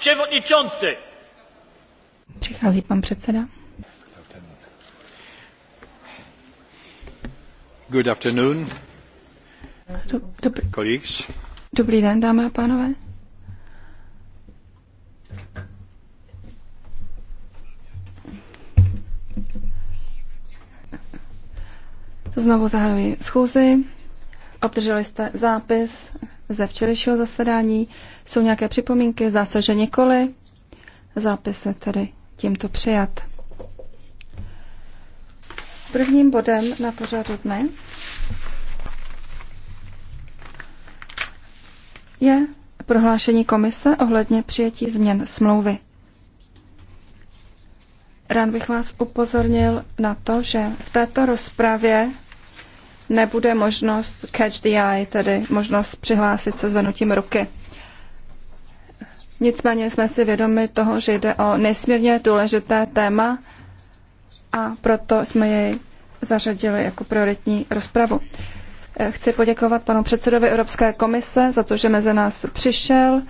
przewodniczący! pan předseda. Good afternoon. Dobrý, colleagues. Dobrý den, dámy a pánové. Znovu zahajuji schůzi. Obdrželi jste zápis ze včerejšího zasedání. Jsou nějaké připomínky? Zdá se, že nikoli. Zápis je tedy tímto přijat. Prvním bodem na pořadu dne je prohlášení komise ohledně přijetí změn smlouvy. Rád bych vás upozornil na to, že v této rozpravě nebude možnost catch the eye, tedy možnost přihlásit se zvenutím ruky. Nicméně jsme si vědomi toho, že jde o nesmírně důležité téma a proto jsme jej zařadili jako prioritní rozpravu. Eh, chci poděkovat panu předsedovi Evropské komise za to, že mezi nás přišel.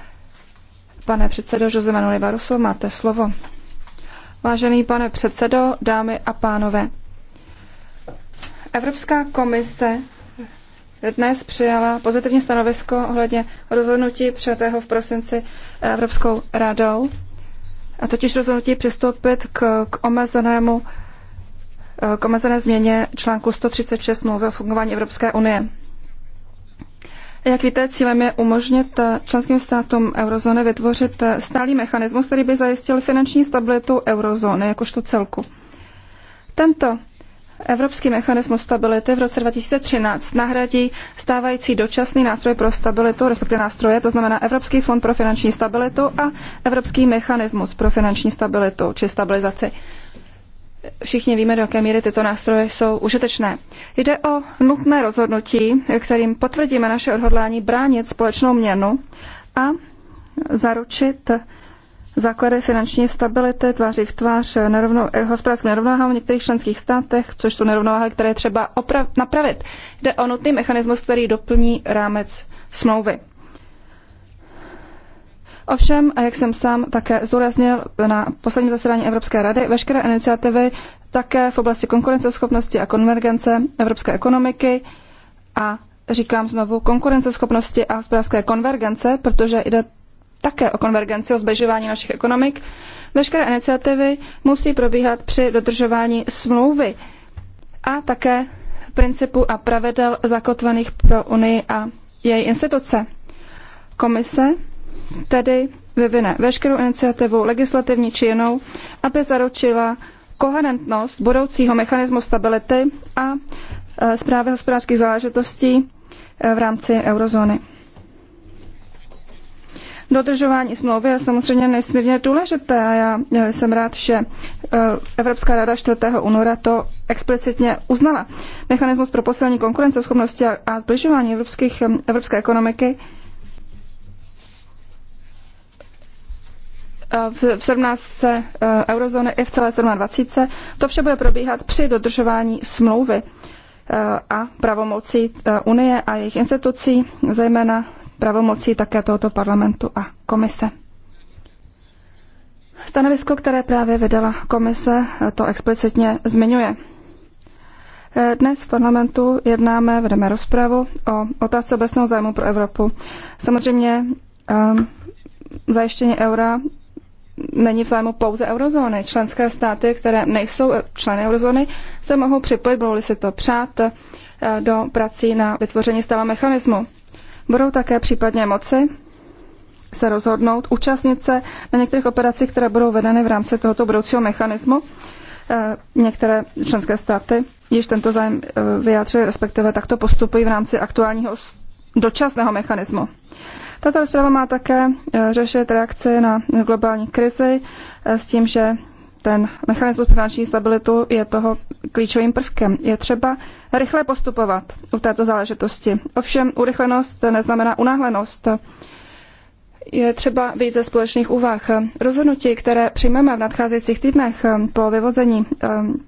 Pane předsedo Jose Manuel Baroso, máte slovo. Vážený pane předsedo, dámy a pánové, Evropská komise dnes přijala pozitivní stanovisko ohledně rozhodnutí přijatého v prosinci Evropskou radou, a totiž rozhodnutí přistoupit k, k omezenému k omezené změně článku 136 smlouvy o fungování Evropské unie. Jak víte, cílem je umožnit členským státům eurozóny vytvořit stálý mechanismus, který by zajistil finanční stabilitu eurozóny jakožto celku. Tento Evropský mechanismus stability v roce 2013 nahradí stávající dočasný nástroj pro stabilitu, respektive nástroje, to znamená Evropský fond pro finanční stabilitu a Evropský mechanismus pro finanční stabilitu či stabilizaci. Všichni víme, do jaké míry tyto nástroje jsou užitečné. Jde o nutné rozhodnutí, kterým potvrdíme naše odhodlání bránit společnou měnu a zaručit základy finanční stability tváří v tvář nerovno, eh, hospodářským nerovnováhám v některých členských státech, což jsou nerovnováhy, které je třeba oprav, napravit. Jde o nutný mechanismus, který doplní rámec smlouvy. Ovšem, a jak jsem sám také zdůraznil na posledním zasedání Evropské rady, veškeré iniciativy také v oblasti konkurenceschopnosti a konvergence evropské ekonomiky a říkám znovu konkurenceschopnosti a hospodářské konvergence, protože jde také o konvergenci, o zbližování našich ekonomik, veškeré iniciativy musí probíhat při dodržování smlouvy a také principu a pravidel zakotvených pro Unii a její instituce. Komise tedy vyvine veškerou iniciativu legislativní či jinou, aby zaručila koherentnost budoucího mechanismu stability a zprávy e, hospodářských záležitostí e, v rámci eurozóny dodržování smlouvy je samozřejmě nesmírně důležité a já eh, jsem rád, že eh, Evropská rada 4. února to explicitně uznala. Mechanismus pro posílení konkurenceschopnosti a zbližování evropských, eh, evropské ekonomiky v 17 eurozóny i v celé 27. To vše bude probíhat při dodržování smlouvy a pravomocí Unie a jejich institucí, zejména pravomocí také tohoto parlamentu a komise. Stanovisko, které právě vydala komise, to explicitně zmiňuje. Dnes v parlamentu jednáme, vedeme rozpravu o otázce obecného zájmu pro Evropu. Samozřejmě ehm, zajištění eura není v zájmu pouze eurozóny. Členské státy, které nejsou členy eurozóny, se mohou připojit, budou-li si to přát, eh, do prací na vytvoření stále mechanismu budou také případně moci se rozhodnout účastnit se na některých operacích, které budou vedeny v rámci tohoto budoucího mechanismu. Eh, některé členské státy již tento zájem eh, vyjádřili, respektive takto postupují v rámci aktuálního dočasného mechanismu. Tato rozprava má také eh, řešit reakci na globální krizi s tím, že ten mechanismus pro finanční stabilitu je toho klíčovým prvkem. Je třeba rychle postupovat u této záležitosti. Ovšem urychlenost neznamená unáhlenost. Je třeba být ze společných úvah. Rozhodnutí, které přijmeme v nadcházejících týdnech eh, po vyvození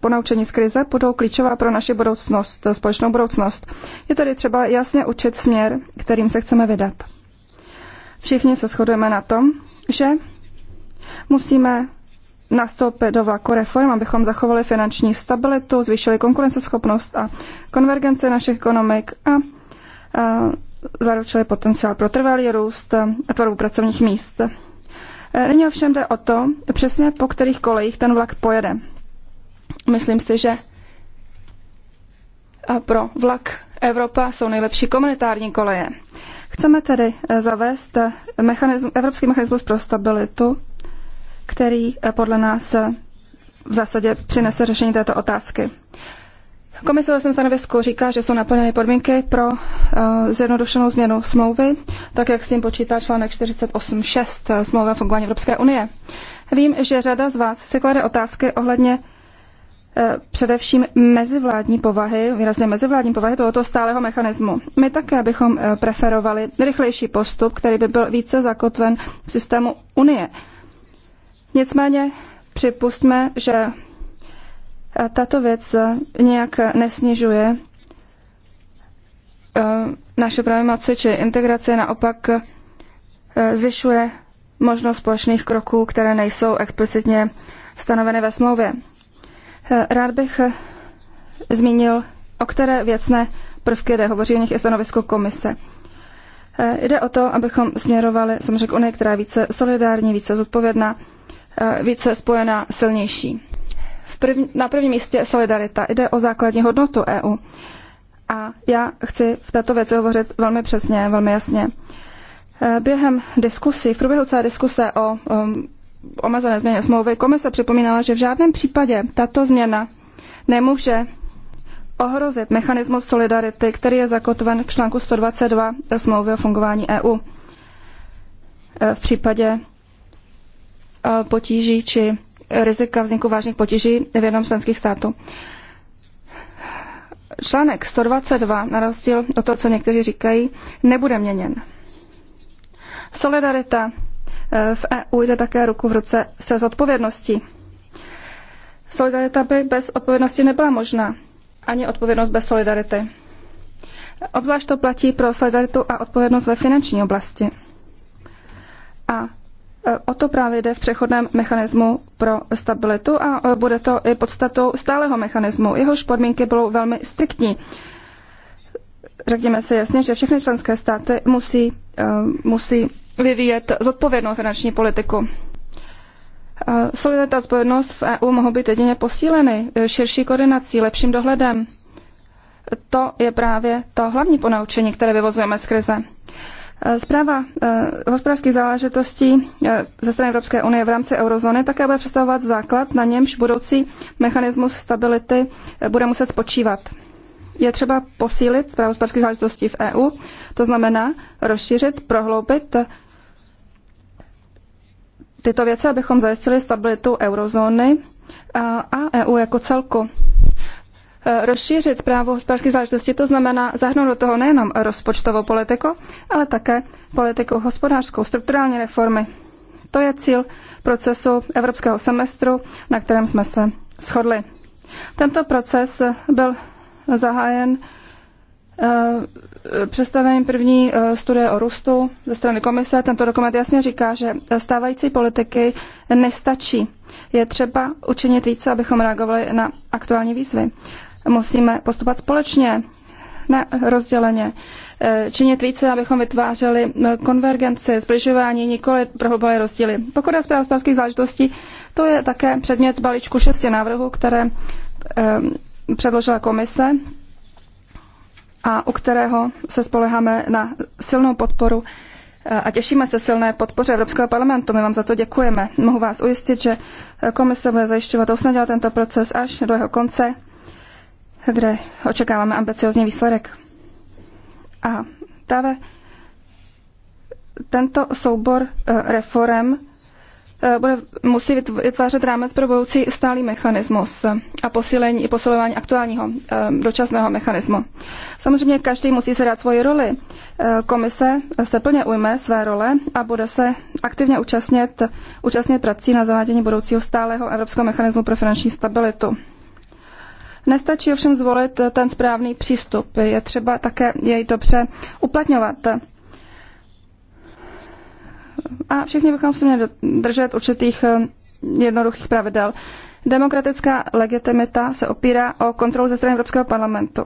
eh, naučení z krize, budou klíčová pro naši budoucnost, společnou budoucnost. Je tedy třeba jasně učit směr, kterým se chceme vydat. Všichni se shodujeme na tom, že musíme nastoupit do vlaku reform, abychom zachovali finanční stabilitu, zvýšili konkurenceschopnost a konvergenci našich ekonomik a, a zaručili potenciál pro trvalý růst a tvorbu pracovních míst. E, nyní ovšem jde o to, přesně po kterých kolejích ten vlak pojede. Myslím si, že pro vlak Evropa jsou nejlepší komunitární koleje. Chceme tedy zavést mechanism, evropský mechanismus pro stabilitu, který eh, podle nás eh, v zásadě přinese řešení této otázky. Komise ve svém stanovisku říká, že jsou naplněny podmínky pro uh, zjednodušenou změnu smlouvy, tak jak s tím počítá článek 48.6 smlouvy o fungování Evropské unie. Vím, že řada z vás si klade otázky ohledně především mezivládní povahy, výrazně mezivládní povahy tohoto stáleho mechanismu. My také bychom preferovali rychlejší postup, který by byl více zakotven v systému Unie. Nicméně připustme, že eh, tato věc eh, nějak nesnižuje eh, naše moci či integrace, naopak zvyšuje možnost společných kroků, které nejsou explicitně stanoveny ve smlouvě. Rád bych zmínil, o které věcné prvky jde, hovoří o nich i stanovisko komise. Jde o to, abychom směrovali samozřejmě k Unii, která je více solidární, více zodpovědná, Eh, více spojená, silnější. na prvním místě solidarita. Jde o základní hodnotu EU. A já chci v této věci hovořit velmi přesně, velmi jasně. Eh, během diskusí, v průběhu celé diskuse o um, omezené změně smlouvy, komise připomínala, že v žádném případě tato změna nemůže ohrozit mechanismus solidarity, který je zakotven v článku 122 smlouvy o fungování EU. Eh, v případě potíží či rizika vzniku vážných potíží v jednom členských států. Článek 122, na rozdíl od toho, co někteří říkají, nebude měněn. Solidarita e, v EU jde také ruku v ruce se zodpovědností. Solidarita by bez odpovědnosti nebyla možná, ani odpovědnost bez solidarity. Obzvlášť to platí pro solidaritu a odpovědnost ve finanční oblasti. A E, o to právě jde v přechodném mechanismu pro stabilitu a e, bude to i podstatou stálého mechanismu. Jehož podmínky budou velmi striktní. Řekněme si jasně, že všechny členské státy musí, e, musí vyvíjet zodpovědnou finanční politiku. Solidarita a odpovědnost v EU mohou být jedině posíleny širší koordinací, lepším dohledem. To je právě to hlavní ponaučení, které vyvozujeme z krize. Eh, zpráva eh, hospodářských záležitostí eh, ze strany Evropské unie v rámci eurozóny také bude představovat základ, na němž budoucí mechanismus stability bude muset spočívat. Je třeba posílit zprávu hospodářských záležitostí v EU, to znamená rozšířit, prohloubit tyto věci, abychom zajistili stabilitu eurozóny a EU jako celku. Eh, rozšířit právo hospodářské záležitosti, to znamená zahrnout do toho nejenom rozpočtovou politiku, ale také politiku hospodářskou, strukturální reformy. To je cíl procesu evropského semestru, na kterém jsme se shodli. Tento proces byl zahájen eh, představením první eh, studie o růstu ze strany komise. Tento dokument jasně říká, že stávající politiky nestačí. Je třeba učinit více, abychom reagovali na aktuální výzvy musíme postupovat společně, ne rozděleně. Eh, činit více, abychom vytvářeli eh, konvergenci, zbližování, nikoli prohlubovali rozdíly. Pokud je zpráv hospodářských záležitostí, to je také předmět balíčku šesti návrhů, které eh, předložila komise a u kterého se spoleháme na silnou podporu eh, a těšíme se silné podpoře Evropského parlamentu. My vám za to děkujeme. Mohu vás ujistit, že komise bude zajišťovat a usnadňovat tento proces až do jeho konce kde očekáváme ambiciozní výsledek. A právě tento soubor eh, reform eh, bude, musí vytvářet rámec pro budoucí stálý mechanismus eh, a posílení i posilování aktuálního dočasného mechanismu. Samozřejmě každý musí se dát svoji roli. Komise se plně ujme své role a bude se aktivně účastnit, účastnit prací na zavádění budoucího stálého evropského mechanismu pro finanční stabilitu. Nestačí ovšem zvolit ten správný přístup, je třeba také jej dobře uplatňovat. A všichni bychom se měli držet určitých eh, jednoduchých pravidel. Demokratická legitimita se opírá o kontrolu ze strany Evropského parlamentu.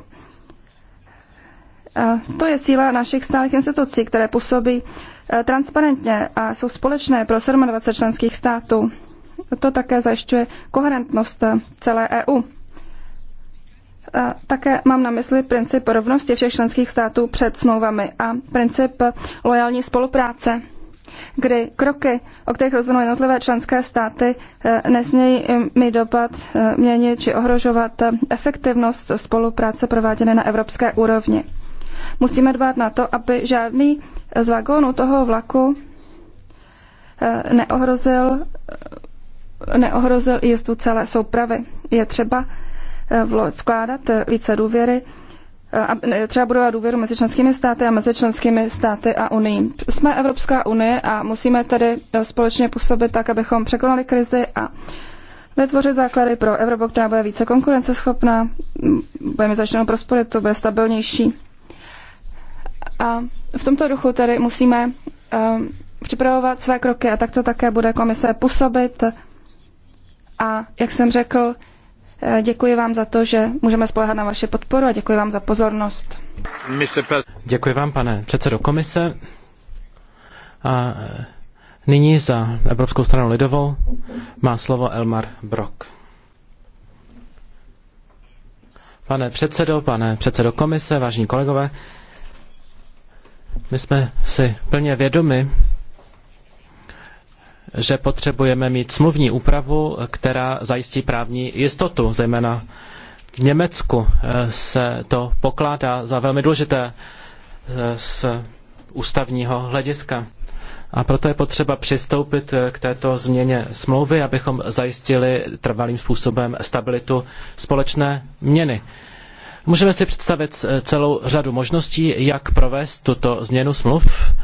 Eh, to je síla našich stálých institucí, které působí eh, transparentně a jsou společné pro 27 členských států. To také zajišťuje koherentnost celé EU také mám na mysli princip rovnosti všech členských států před smlouvami a princip lojální spolupráce, kdy kroky, o kterých rozhodnou jednotlivé členské státy, e, nesmějí e, mít dopad e, měnit či ohrožovat efektivnost spolupráce prováděné na evropské úrovni. Musíme dbát na to, aby žádný z vagónů toho vlaku neohrozil, neohrozil jízdu celé soupravy. Je třeba vkládat více důvěry, třeba budovat důvěru mezi členskými státy a mezi členskými státy a Unii. Jsme Evropská unie a musíme tedy e, společně působit tak, abychom překonali krizi a vytvořit základy pro Evropu, která bude více konkurenceschopná, bude mít začnou prosperitu, bude stabilnější. A v tomto duchu tedy musíme um, připravovat své kroky a takto také bude komise působit. A jak jsem řekl, Eh, děkuji vám za to, že můžeme spolehat na vaše podporu a děkuji vám za pozornost. Děkuji vám, pane předsedo komise. A eh, nyní za Evropskou stranu lidovou má slovo Elmar Brok. Pane předsedo, pane předsedo komise, vážení kolegové, my jsme si plně vědomi že potřebujeme mít smluvní úpravu, která zajistí právní jistotu, zejména v Německu eh, se to pokládá za velmi důležité eh, z ústavního hlediska. A proto je potřeba přistoupit eh, k této změně smlouvy, abychom zajistili trvalým způsobem stabilitu společné měny. Můžeme si představit celou řadu možností, jak provést tuto změnu smluv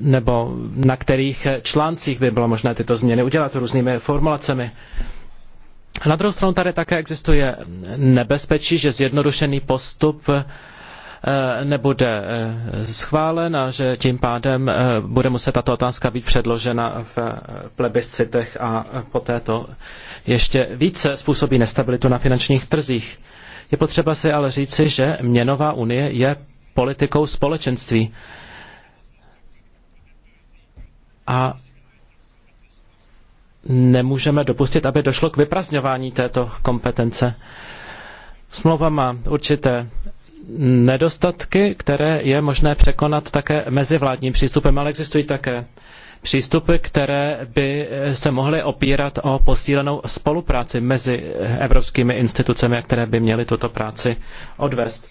nebo na kterých článcích by bylo možné tyto změny udělat různými formulacemi. Na druhou stranu tady také existuje nebezpečí, že zjednodušený postup eh, nebude eh, schválen a že tím pádem eh, bude muset tato otázka být předložena v plebiscitech a poté to ještě více způsobí nestabilitu na finančních trzích. Je potřeba si ale říci, že měnová unie je politikou společenství a nemůžeme dopustit, aby došlo k vyprazňování této kompetence. Smlouva má určité nedostatky, které je možné překonat také mezivládním přístupem, ale existují také přístupy, které by se mohly opírat o posílenou spolupráci mezi evropskými institucemi, které by měly tuto práci odvést.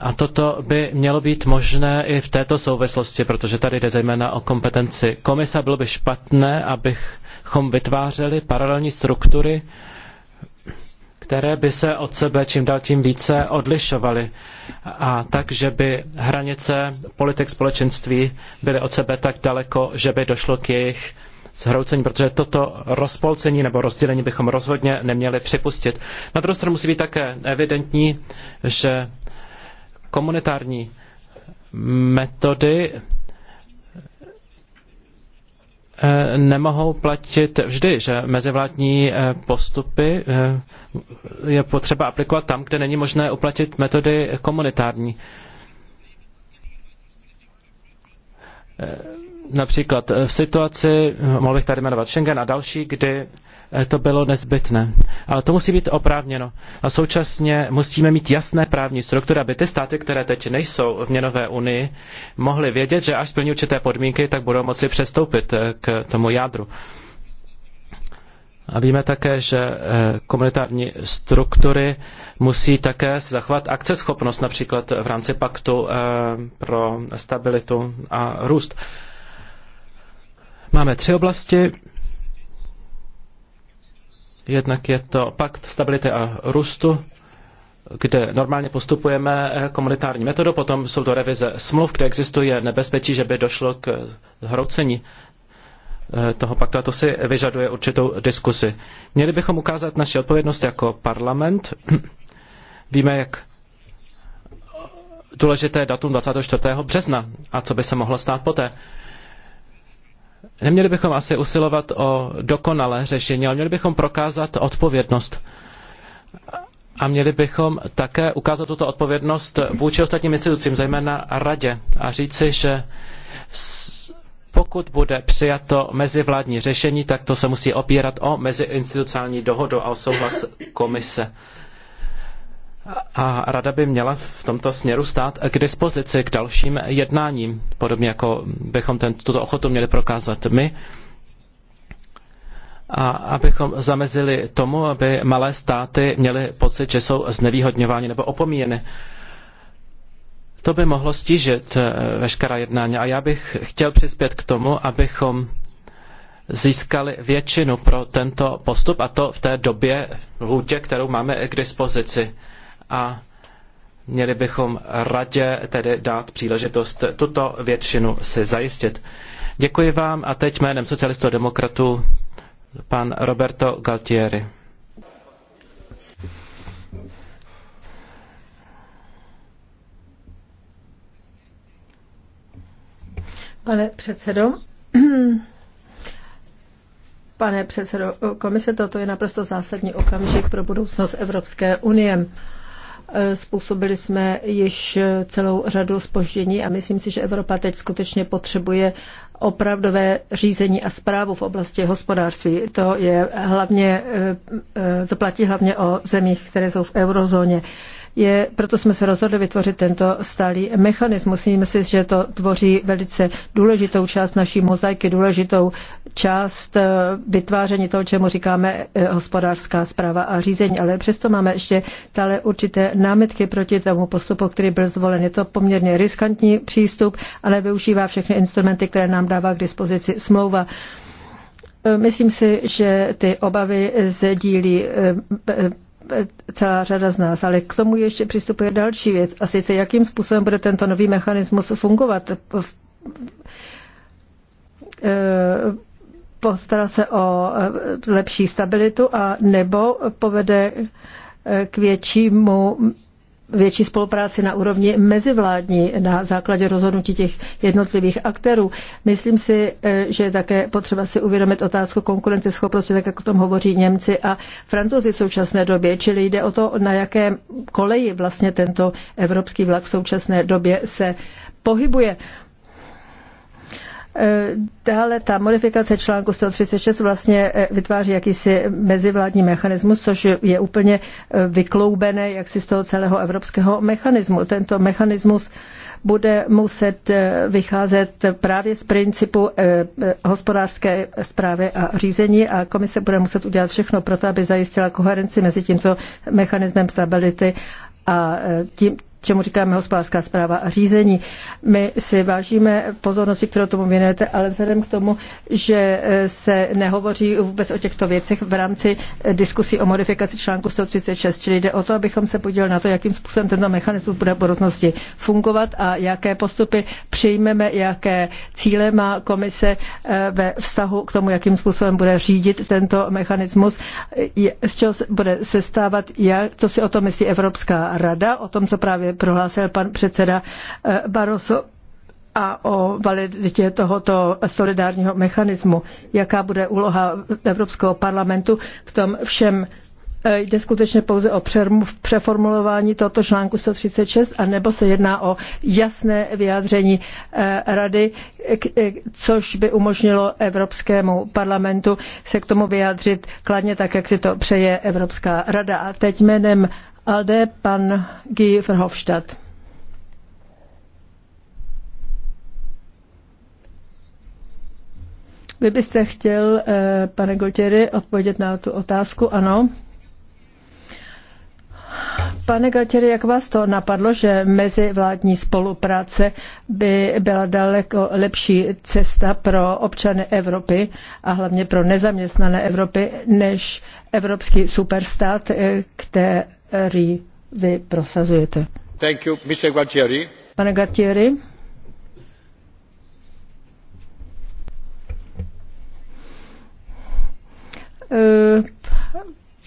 A toto by mělo být možné i v této souvislosti, protože tady jde zejména o kompetenci komise. Bylo by špatné, abychom vytvářeli paralelní struktury, které by se od sebe čím dál tím více odlišovaly. A tak, že by hranice politik společenství byly od sebe tak daleko, že by došlo k jejich zhroucení, protože toto rozpolcení nebo rozdělení bychom rozhodně neměli připustit. Na druhou stranu musí být také evidentní, že komunitární metody eh, nemohou platit vždy, že mezivládní eh, postupy eh, je potřeba aplikovat tam, kde není možné uplatit metody komunitární. Například v situaci, mohl bych tady jmenovat Schengen a další, kdy Eh, to bylo nezbytné. Ale to musí být oprávněno. A současně musíme mít jasné právní struktury, aby ty státy, které teď nejsou v měnové unii, mohly vědět, že až splní určité podmínky, tak budou moci přestoupit eh, k tomu jádru. A víme také, že eh, komunitární struktury musí také zachovat akceschopnost, například v rámci paktu pro stabilitu a růst. Máme tři oblasti, Jednak je to pakt stability a růstu, kde normálně postupujeme komunitární metodou, potom jsou to revize smluv, kde existuje nebezpečí, že by došlo k zhroucení eh, toho paktu a to si vyžaduje určitou diskusi. Měli bychom ukázat naši odpovědnost jako parlament. Víme, jak důležité datum 24. března a co by se mohlo stát poté. Neměli bychom asi usilovat o dokonalé řešení, ale měli bychom prokázat odpovědnost. A měli bychom také ukázat tuto odpovědnost vůči ostatním institucím, zejména radě, a říci, že pokud bude přijato mezivládní řešení, tak to se musí opírat o meziinstitucionální dohodu a o souhlas komise a rada by měla v tomto směru stát k dispozici k dalším jednáním, podobně jako bychom ten, tuto ochotu měli prokázat my. A abychom zamezili tomu, aby malé státy měly pocit, že jsou znevýhodňovány nebo opomíjeny. To by mohlo stížit eh, veškerá jednání. A já bych chtěl přispět k tomu, abychom získali většinu pro tento postup a to v té době v lhůtě, kterou máme k dispozici a měli bychom radě tedy dát příležitost tuto většinu si zajistit. Děkuji vám a teď jménem socialistů a demokratů pan Roberto Galtieri. Pane předsedo, pane předsedo komise, toto je naprosto zásadní okamžik pro budoucnost Evropské unie. Eh, způsobili jsme již eh, celou řadu spoždění a myslím si, že Evropa teď skutečně potřebuje opravdové řízení a zprávu v oblasti hospodářství. To, je hlavně, eh, to platí hlavně o zemích, které jsou v eurozóně. Je, proto jsme se rozhodli vytvořit tento stálý mechanismus. Myslím si, že to tvoří velice důležitou část naší mozaiky, důležitou část eh, vytváření toho, čemu říkáme eh, hospodářská zpráva a řízení. Ale přesto máme ještě stále určité námitky proti tomu postupu, který byl zvolen. Je to poměrně riskantní přístup, ale využívá všechny instrumenty, které nám dává k dispozici smlouva. Eh, myslím si, že ty obavy sdílí celá řada z nás, ale k tomu ještě přistupuje další věc, a sice jakým způsobem bude tento nový mechanismus fungovat. Eh, postará se o eh, lepší stabilitu a nebo povede eh, k většímu větší spolupráci na úrovni mezivládní na základě rozhodnutí těch jednotlivých aktérů. Myslím si, eh, že je také potřeba si uvědomit otázku konkurenceschopnosti, tak jak o tom hovoří Němci a Francouzi v současné době, čili jde o to, na jaké koleji vlastně tento evropský vlak v současné době se pohybuje. Dále ta modifikace článku 136 vlastně eh, vytváří jakýsi mezivládní mechanismus, což je úplně eh, vykloubené jaksi z toho celého evropského mechanismu. Tento mechanismus bude muset eh, vycházet právě z principu hospodářské zprávy a řízení a komise bude muset udělat všechno pro to, aby zajistila koherenci mezi tímto mechanismem stability a tím, čemu říkáme hospodářská zpráva a řízení. My si vážíme pozornosti, kterou tomu věnujete, ale vzhledem k tomu, že eh, se nehovoří vůbec o těchto věcech v rámci eh, diskusí o modifikaci článku 136, čili jde o to, abychom se podívali na to, jakým způsobem tento mechanismus bude v budoucnosti fungovat a jaké postupy přijmeme, jaké cíle má komise eh, ve vztahu k tomu, jakým způsobem bude řídit tento mechanismus, z čeho bude sestávat, co si o tom myslí Evropská rada, o tom, co právě prohlásil pan předseda eh, Barroso a o validitě tohoto solidárního mechanismu. Jaká bude úloha Evropského parlamentu v tom všem? Eh, jde skutečně pouze o přeformulování tohoto článku 136, anebo se jedná o jasné vyjádření eh, rady, což by umožnilo Evropskému parlamentu se k tomu vyjádřit kladně tak, jak si to přeje Evropská rada. A teď jménem Alde, pan Guy Verhofstadt. Vy byste chtěl, eh, pane Gotěry, odpovědět na tu otázku? Ano. Pane Gotěry, jak vás to napadlo, že mezivládní spolupráce by byla daleko lepší cesta pro občany Evropy a hlavně pro nezaměstnané Evropy, než evropský superstát, eh, které který vy prosazujete. Thank you, Mr. Gualtieri. Pane Gualtieri. Eh,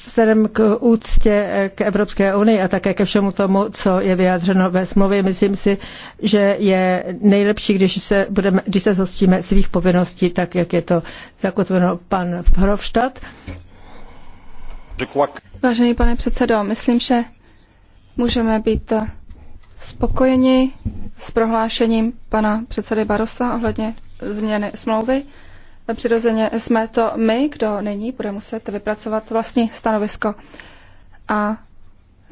vzhledem k úctě eh, k Evropské unii a také ke všemu tomu, co je vyjádřeno ve smlouvě, myslím si, že je nejlepší, když se, budeme, když se zhostíme svých povinností, tak jak je to zakotveno pan Hrovštat. Vážený pane předsedo, myslím, že můžeme být spokojeni s prohlášením pana předsedy Barosa ohledně změny smlouvy. Přirozeně jsme to my, kdo nyní bude muset vypracovat vlastní stanovisko. A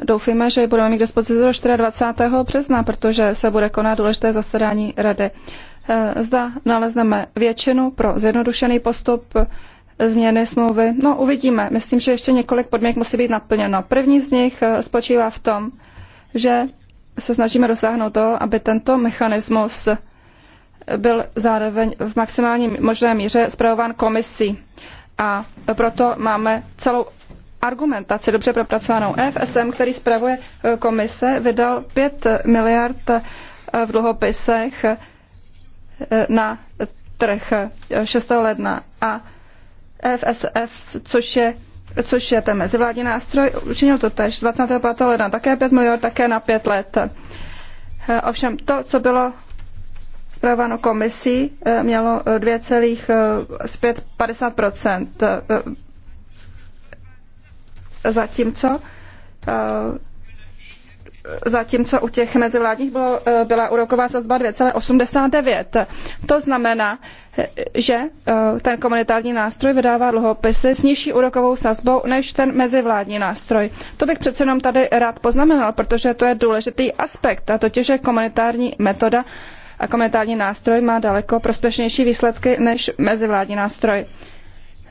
doufíme, že budeme mít k dispozici do 24. března, protože se bude konat důležité zasedání rady. Zda nalezneme většinu pro zjednodušený postup změny smlouvy? No, uvidíme. Myslím, že ještě několik podmínek musí být naplněno. První z nich eh, spočívá v tom, že se snažíme dosáhnout to, aby tento mechanismus byl zároveň v maximální možné míře zpravován komisí. A proto máme celou argumentaci dobře propracovanou. EFSM, který zpravuje eh, komise, vydal 5 miliard eh, v dluhopisech na trh 6. ledna. A FSF, což je což je ten mezivládní nástroj, učinil to tež 25. ledna také 5 miliard, také na 5 let. Ovšem to, co bylo zpravováno komisí, mělo 2,50 eh, eh, zatímco eh, zatímco u těch mezivládních bylo, eh, byla úroková sazba 2,89. To znamená, eh, že eh, ten komunitární nástroj vydává dluhopisy s nižší úrokovou sazbou než ten mezivládní nástroj. To bych přece jenom tady rád poznamenal, protože to je důležitý aspekt, a totiž je komunitární metoda a komunitární nástroj má daleko prospěšnější výsledky než mezivládní nástroj.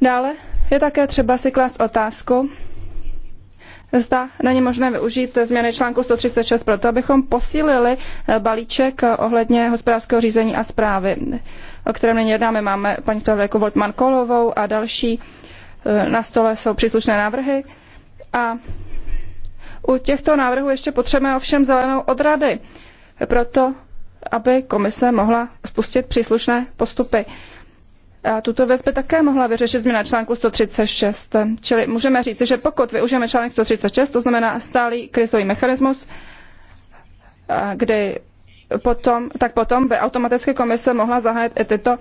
Dále je také třeba si klást otázku, zda není možné využít změny článku 136 proto, abychom posílili eh, balíček ohledně hospodářského řízení a zprávy, o kterém nyní jednáme. Máme paní zpravodajku Voltman Kolovou a další. Eh, na stole jsou příslušné návrhy. A u těchto návrhů ještě potřebujeme ovšem zelenou od rady, proto aby komise mohla spustit příslušné postupy tuto věc by také mohla vyřešit změna článku 136. Čili můžeme říct, že pokud využijeme článek 136, to znamená stálý krizový mechanismus, kdy potom, tak potom by automaticky komise mohla zahájit i tyto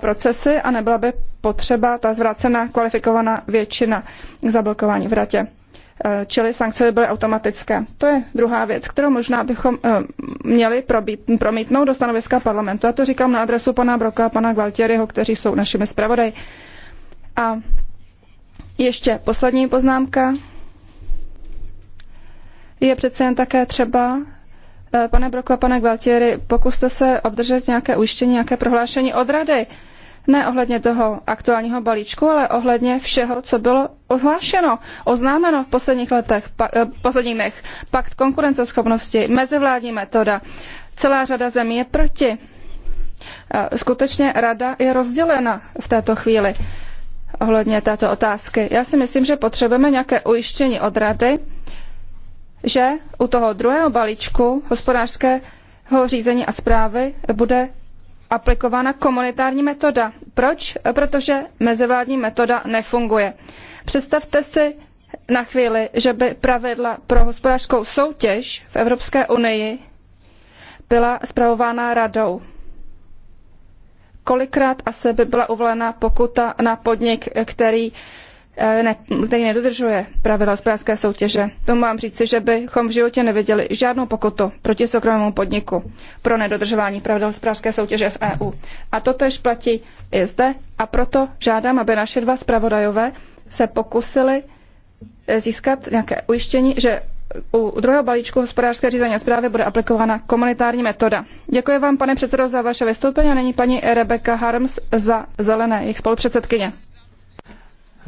procesy a nebyla by potřeba ta zvrácená kvalifikovaná většina k zablokování v ratě. Eh, čili sankce by byly automatické. To je druhá věc, kterou možná bychom eh, měli probít, promítnout do stanoviska parlamentu. Já to říkám na adresu pana Broka a pana Gualtieriho, kteří jsou našimi zpravodaji. A ještě poslední poznámka. Je přece jen také třeba, eh, pane Broko a pane Gualtieri, pokuste se obdržet nějaké ujištění, nějaké prohlášení od rady ne ohledně toho aktuálního balíčku, ale ohledně všeho, co bylo ohlášeno, oznámeno v posledních letech, pa, eh, posledních dnech. Pakt konkurenceschopnosti, mezivládní metoda. Celá řada zemí je proti. Eh, skutečně rada je rozdělena v této chvíli ohledně této otázky. Já si myslím, že potřebujeme nějaké ujištění od rady, že u toho druhého balíčku hospodářského řízení a zprávy bude aplikována komunitární metoda. Proč? Protože mezivládní metoda nefunguje. Představte si na chvíli, že by pravidla pro hospodářskou soutěž v Evropské unii byla spravována radou. Kolikrát asi by byla uvolena pokuta na podnik, který Eh, ne, který nedodržuje pravidla hospodářské soutěže. Tomu mám říci, že bychom v životě neviděli žádnou pokutu proti soukromému podniku pro nedodržování pravidel hospodářské soutěže v EU. A to tež platí i zde a proto žádám, aby naše dva zpravodajové se pokusili eh, získat nějaké ujištění, že u druhého balíčku hospodářské řízení a zprávy bude aplikována komunitární metoda. Děkuji vám, pane předsedo, za vaše vystoupení a nyní paní Rebecca Harms za zelené, jejich spolupředsedkyně.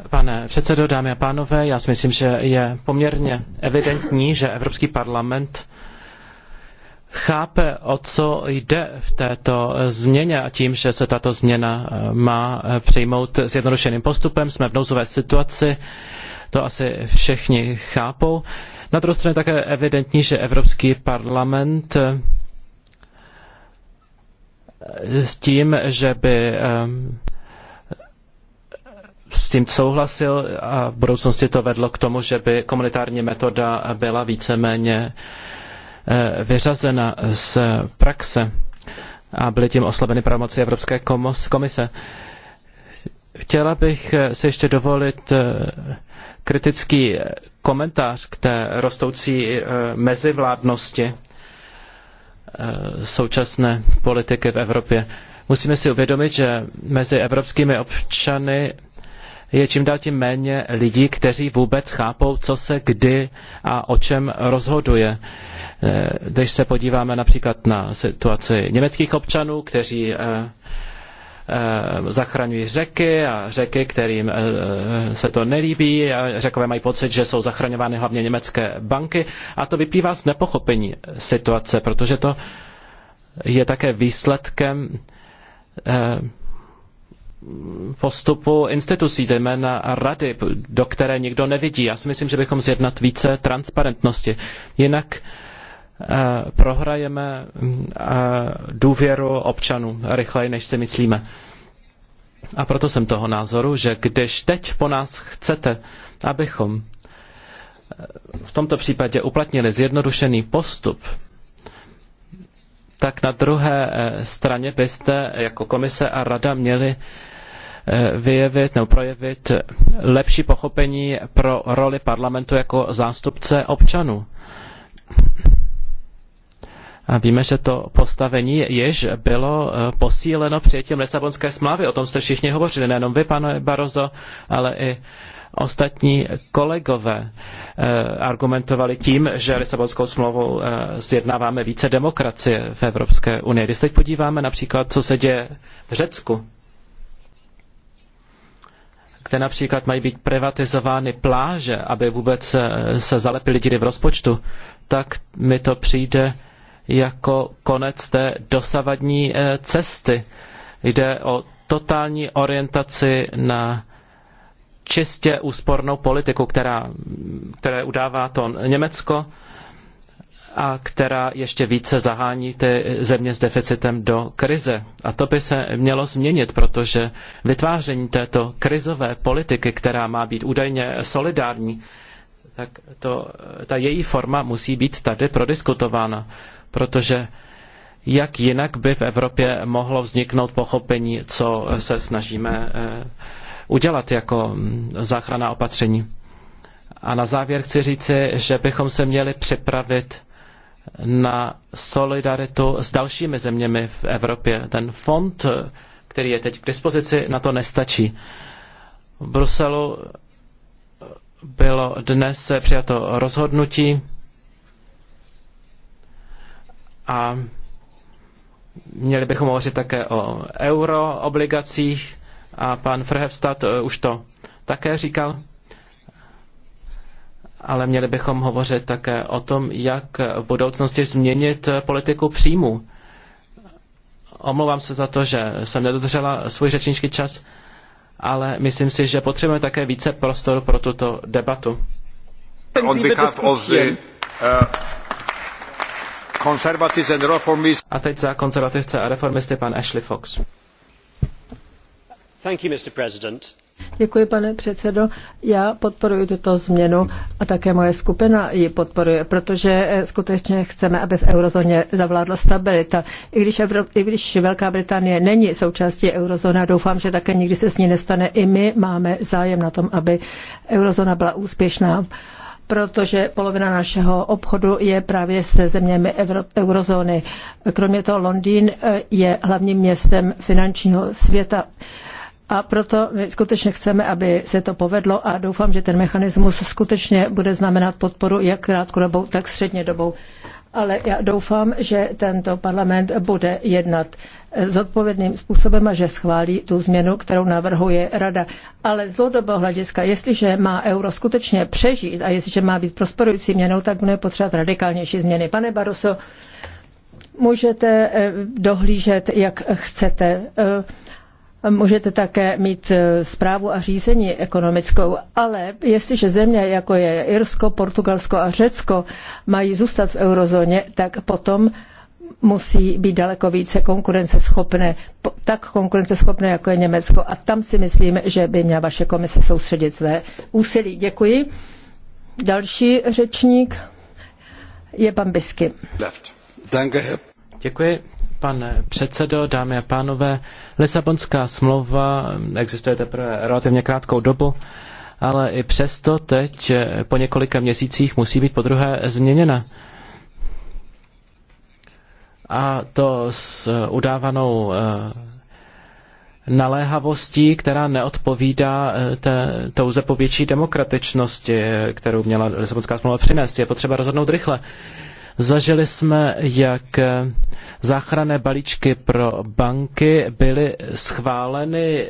Pane předsedo, dámy a pánové, já si myslím, že je poměrně evidentní, že Evropský parlament chápe, o co jde v této změně a tím, že se tato změna eh, má eh, přijmout s jednodušeným postupem. Jsme v nouzové situaci, to asi všichni chápou. Na druhou stranu je také evidentní, že Evropský parlament eh, s tím, že by s tím souhlasil a v budoucnosti to vedlo k tomu, že by komunitární metoda byla víceméně eh, vyřazena z praxe a byly tím oslabeny pravomoci Evropské komise. Chtěla bych eh, si ještě dovolit eh, kritický komentář k té rostoucí mezivládnosti současné politiky v Evropě. Musíme si uvědomit, že mezi evropskými občany je čím dál tím méně lidí, kteří vůbec chápou, co se kdy a o čem rozhoduje. Eh, když se podíváme například na situaci německých občanů, kteří eh, eh, zachraňují řeky a řeky, kterým se to nelíbí. A řekové mají pocit, že jsou zachraňovány hlavně německé banky a to vyplývá z nepochopení situace, protože to je také výsledkem postupu institucí, zejména rady, do které nikdo nevidí. Já si myslím, že bychom zjednat více transparentnosti. Jinak eh, prohrajeme eh, důvěru občanů rychleji, než si myslíme. A proto jsem toho názoru, že když teď po nás chcete, abychom eh, v tomto případě uplatnili zjednodušený postup, tak na druhé straně byste jako komise a rada měli Eh, vyjevit nebo projevit lepší pochopení pro roli parlamentu jako zástupce občanů. A víme, že to postavení již bylo eh, posíleno přijetím Lisabonské smlouvy. O tom jste všichni hovořili, nejenom vy, pane Barozo, ale i ostatní kolegové eh, argumentovali tím, že Lisabonskou smlouvou zjednáváme více demokracie v Evropské unii. Když se teď podíváme například, co se děje v Řecku, kde například mají být privatizovány pláže, aby vůbec se zalepily díry v rozpočtu, tak mi to přijde jako konec té dosavadní eh, cesty. Jde o totální orientaci na čistě úspornou politiku, která, které udává to Německo a která ještě více zahání ty země s deficitem do krize. A to by se mělo změnit, protože vytváření této krizové politiky, která má být údajně solidární, tak to, ta její forma musí být tady prodiskutována, protože jak jinak by v Evropě mohlo vzniknout pochopení, co se snažíme eh, udělat jako mm, záchranná opatření. A na závěr chci říci, že bychom se měli připravit na solidaritu s dalšími zeměmi v Evropě. Ten fond, který je teď k dispozici, na to nestačí. V Bruselu bylo dnes přijato rozhodnutí a měli bychom hovořit také o euroobligacích a pan Frhevstad už to také říkal ale měli bychom hovořit také o tom, jak v budoucnosti změnit politiku příjmu. Omlouvám se za to, že jsem nedodržela svůj řečnický čas, ale myslím si, že potřebujeme také více prostoru pro tuto debatu. Uh, a teď za konzervativce a reformisty pan Ashley Fox. Thank you, Mr. President. Děkuji, pane předsedo. Já podporuji tuto změnu a také moje skupina ji podporuje, protože eh, skutečně chceme, aby v eurozóně zavládla stabilita. I když, Evro, I když Velká Británie není součástí eurozóna, doufám, že také nikdy se s ní nestane. I my máme zájem na tom, aby eurozóna byla úspěšná protože polovina našeho obchodu je právě se zeměmi eurozóny. Kromě toho Londýn eh, je hlavním městem finančního světa. A proto my skutečně chceme, aby se to povedlo a doufám, že ten mechanismus skutečně bude znamenat podporu jak krátkodobou, tak střednědobou. Ale já doufám, že tento parlament bude jednat zodpovědným způsobem a že schválí tu změnu, kterou navrhuje Rada. Ale z dlouhodobého hlediska, jestliže má euro skutečně přežít a jestliže má být prosperující měnou, tak bude potřebovat radikálnější změny. Pane Baroso, můžete eh, dohlížet, jak chcete. Eh, můžete také mít e, zprávu a řízení ekonomickou, ale jestliže země jako je Irsko, Portugalsko a Řecko mají zůstat v eurozóně, tak potom musí být daleko více konkurenceschopné, tak konkurenceschopné, jako je Německo. A tam si myslím, že by měla vaše komise soustředit své úsilí. Děkuji. Další řečník je pan Bisky. Děkuji. Pane předsedo, dámy a pánové, Lisabonská smlouva existuje teprve relativně krátkou dobu, ale i přesto teď eh, po několika měsících musí být podruhé změněna. A to s eh, udávanou eh, naléhavostí, která neodpovídá té touze po větší demokratičnosti, kterou měla Lisabonská smlouva přinést. Je potřeba rozhodnout rychle. Zažili jsme, jak eh, záchranné balíčky pro banky byly schváleny eh,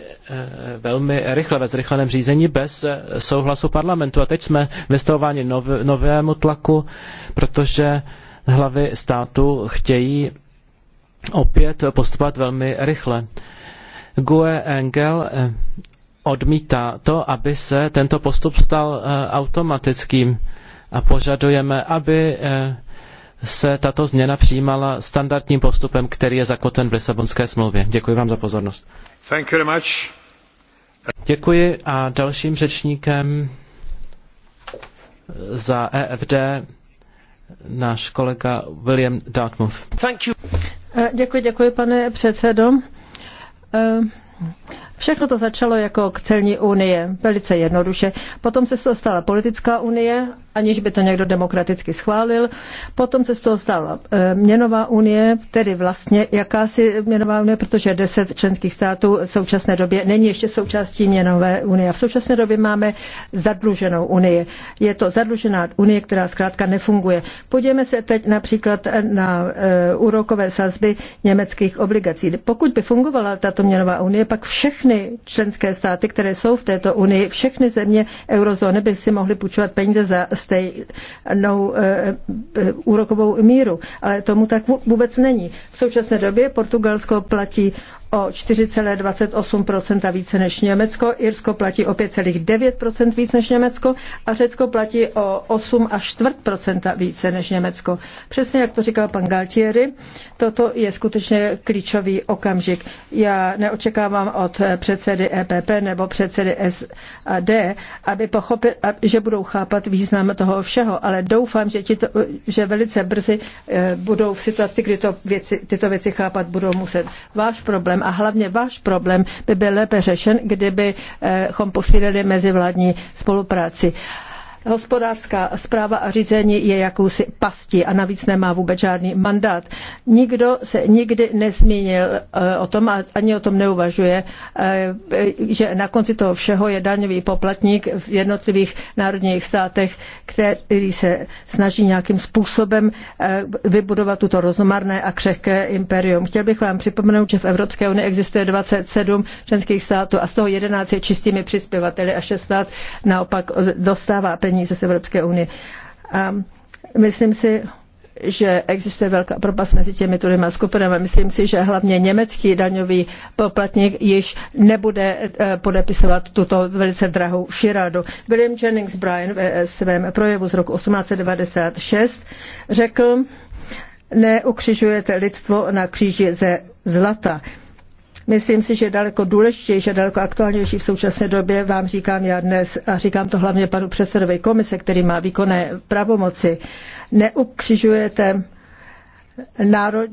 velmi rychle, ve zrychleném řízení, bez eh, souhlasu parlamentu. A teď jsme vystavováni nov, novému tlaku, protože hlavy státu chtějí opět postupovat velmi rychle. Gue Engel odmítá to, aby se tento postup stal automatickým a požadujeme, aby se tato změna přijímala standardním postupem, který je zakotven v Lisabonské smlouvě. Děkuji vám za pozornost. Thank you very much. Děkuji a dalším řečníkem za EFD náš kolega William Dartmouth. Thank you. Eh, děkuji, děkuji, pane předsedo. Eh, všechno to začalo jako celní unie, velice jednoduše. Potom se to stala politická unie aniž by to někdo demokraticky schválil. Potom se z toho stala eh, měnová unie, tedy vlastně jakási měnová unie, protože deset členských států v současné době není ještě součástí měnové unie. V současné době máme zadluženou unii. Je to zadlužená unie, která zkrátka nefunguje. Podívejme se teď například na eh, úrokové sazby německých obligací. Pokud by fungovala tato měnová unie, pak všechny členské státy, které jsou v této unii, všechny země eurozóny by si mohly půjčovat peníze za stejnou eh, eh, úrokovou míru, ale tomu tak vůbec není. V současné době Portugalsko platí o 4,28% více než Německo, Irsko platí o 5,9% více než Německo a Řecko platí o 8 až procenta více než Německo. Přesně jak to říkal pan Galtieri, toto je skutečně klíčový okamžik. Já neočekávám od předsedy EPP nebo předsedy SAD, aby pochopil, že budou chápat význam toho všeho, ale doufám, že, ti to, že velice brzy eh, budou v situaci, kdy to věci, tyto věci chápat budou muset. Váš problém a hlavně váš problém by byl lépe řešen, kdybychom posílili mezivládní spolupráci. Hospodářská zpráva a řízení je jakousi pastí a navíc nemá vůbec žádný mandát. Nikdo se nikdy nezmínil eh, o tom a ani o tom neuvažuje, eh, že na konci toho všeho je daňový poplatník v jednotlivých národních státech, který se snaží nějakým způsobem eh, vybudovat tuto rozmarné a křehké imperium. Chtěl bych vám připomenout, že v Evropské unii existuje 27 členských států a z toho 11 je čistými přispěvateli a 16 naopak dostává peníze peníze z Evropské unie. A myslím si, že existuje velká propast mezi těmito dvěma skupinami. Myslím si, že hlavně německý daňový poplatník již nebude eh, podepisovat tuto velice drahou širádu. William Jennings Bryan ve eh, svém projevu z roku 1896 řekl, neukřižujete lidstvo na kříži ze zlata. Myslím si, že daleko důležitější, daleko aktuálnější v současné době vám říkám já dnes a říkám to hlavně panu předsedovi komise, který má výkonné pravomoci. Neukřižujete národ,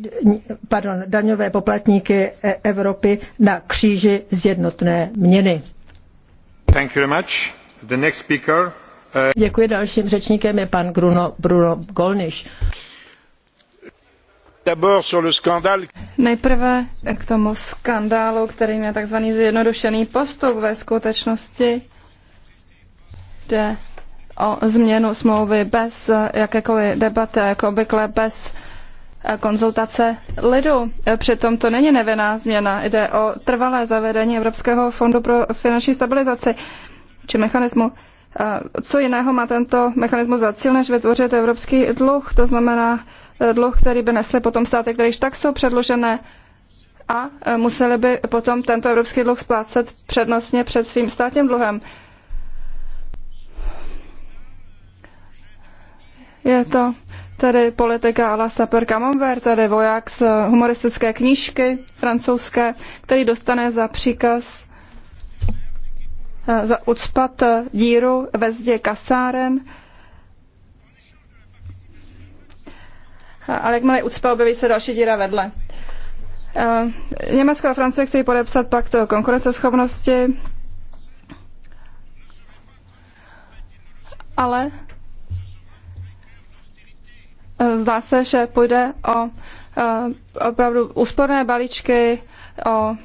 pardon, daňové poplatníky Evropy na kříži z jednotné měny. Thank you very much. The next speaker, uh... Děkuji dalším řečníkem je pan Bruno, Bruno Golniš. Nejprve k tomu skandálu, kterým je tzv. zjednodušený postup ve skutečnosti jde o změnu smlouvy bez jakékoliv debaty, jako obvykle bez konzultace lidu. Přitom to není nevinná změna, jde o trvalé zavedení Evropského fondu pro finanční stabilizaci či mechanismu. Co jiného má tento mechanismus za cíl, než vytvořit evropský dluh, to znamená Eh, dluh, který by nesly potom státy, které již tak jsou předložené a eh, museli by potom tento evropský dluh splácet přednostně před svým státním dluhem. Je to tedy politika ala Saper Camembert, tedy voják z humoristické knížky francouzské, který dostane za příkaz eh, za ucpat díru ve zdě kasáren ale jakmile ucpe, objeví se další díra vedle. Německo a Francie chtějí podepsat pakt o konkurenceschopnosti, ale zdá se, že půjde o opravdu úsporné balíčky, o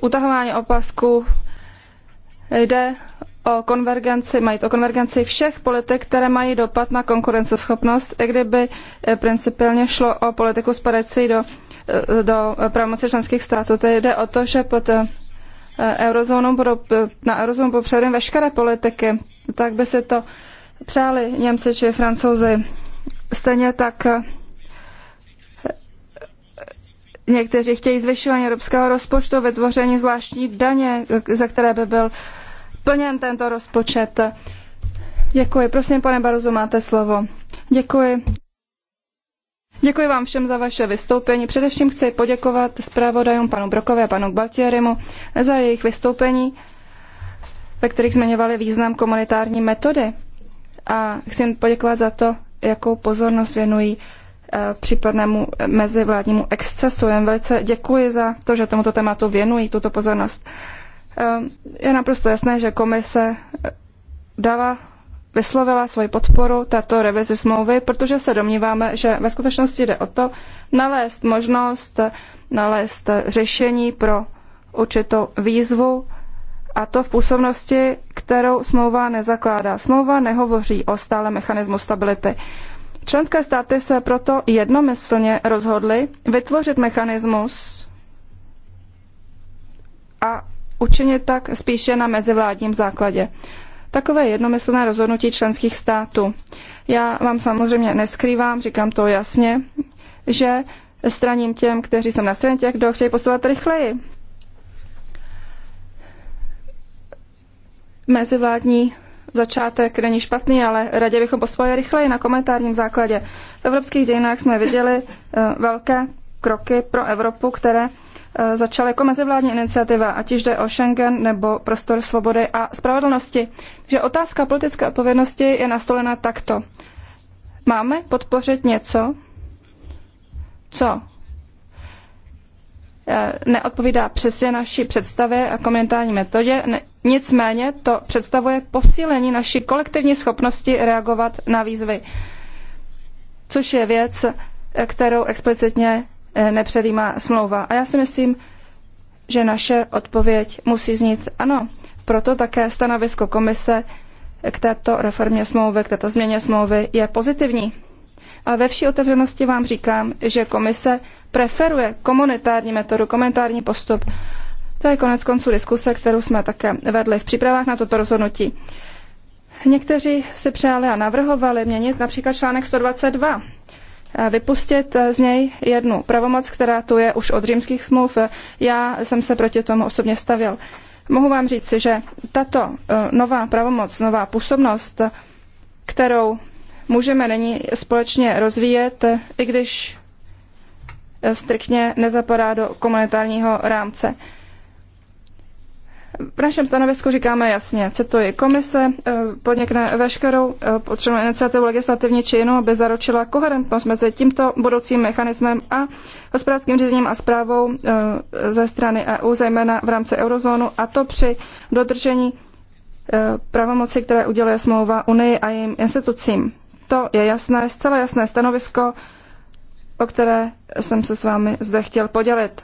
utahování opasku. Jde o konvergenci, mají o konvergenci všech politik, které mají dopad na konkurenceschopnost, i kdyby eh, principiálně šlo o politiku spadající do, eh, do pravomoci členských států. Tedy jde o to, že pod eh, eurozónou budou, na eurozónu budou veškeré politiky, tak by si to přáli Němci či Francouzi. Stejně tak někteří chtějí zvyšování evropského rozpočtu, vytvoření zvláštní daně, za které by byl plněn tento rozpočet. Děkuji. Prosím, pane Barozo, máte slovo. Děkuji. Děkuji vám všem za vaše vystoupení. Především chci poděkovat zpravodajům panu Brokovi a panu Baltierimu za jejich vystoupení, ve kterých zmiňovali význam komunitární metody. A chci jim poděkovat za to, jakou pozornost věnují eh, případnému mezivládnímu excesu. Jen velice děkuji za to, že tomuto tématu věnují tuto pozornost. Eh, je naprosto jasné, že komise eh, dala vyslovila svoji podporu této revizi smlouvy, protože se domníváme, že ve skutečnosti jde o to nalézt možnost, eh, nalézt řešení pro určitou výzvu, a to v působnosti, kterou smlouva nezakládá. Smlouva nehovoří o stále mechanismu stability. Členské státy se proto jednomyslně rozhodly vytvořit mechanismus a učinit tak spíše na mezivládním základě. Takové jednomyslné rozhodnutí členských států. Já vám samozřejmě neskrývám, říkám to jasně, že straním těm, kteří jsou na straně těch, kdo chtějí postupovat rychleji. Mezivládní začátek není špatný, ale raději bychom postupovali rychleji na komentárním základě. V evropských dějinách jsme viděli eh, velké kroky pro Evropu, které Eh, začala jako mezivládní iniciativa, ať už jde o Schengen nebo prostor svobody a spravedlnosti. Takže otázka politické odpovědnosti je nastolena takto. Máme podpořit něco, co eh, neodpovídá přesně naší představě a komentární metodě, nicméně to představuje posílení naší kolektivní schopnosti reagovat na výzvy, což je věc, eh, kterou explicitně Eh, nepředjímá smlouva. A já si myslím, že naše odpověď musí znít ano. Proto také stanovisko komise k této reformě smlouvy, k této změně smlouvy je pozitivní. A ve vší otevřenosti vám říkám, že komise preferuje komunitární metodu, komentární postup. To je konec konců diskuse, kterou jsme také vedli v přípravách na toto rozhodnutí. Někteří si přáli a navrhovali měnit například článek 122 Eh, vypustit eh, z něj jednu pravomoc, která tu je už od římských smluv. Já jsem se proti tomu osobně stavil. Mohu vám říct, že tato eh, nová pravomoc, nová působnost, kterou můžeme nyní společně rozvíjet, i když striktně nezapadá do komunitárního rámce. V našem stanovisku říkáme jasně, je komise eh, podnikne veškerou eh, potřebnou iniciativu legislativní činu, aby zaručila koherentnost mezi tímto budoucím mechanismem a hospodářským řízením a zprávou eh, ze strany EU, zejména v rámci eurozónu, a to při dodržení pravomoci, které uděluje smlouva Unii a jejím institucím. To je jasné, zcela jasné stanovisko, o které jsem se s vámi zde chtěl podělit.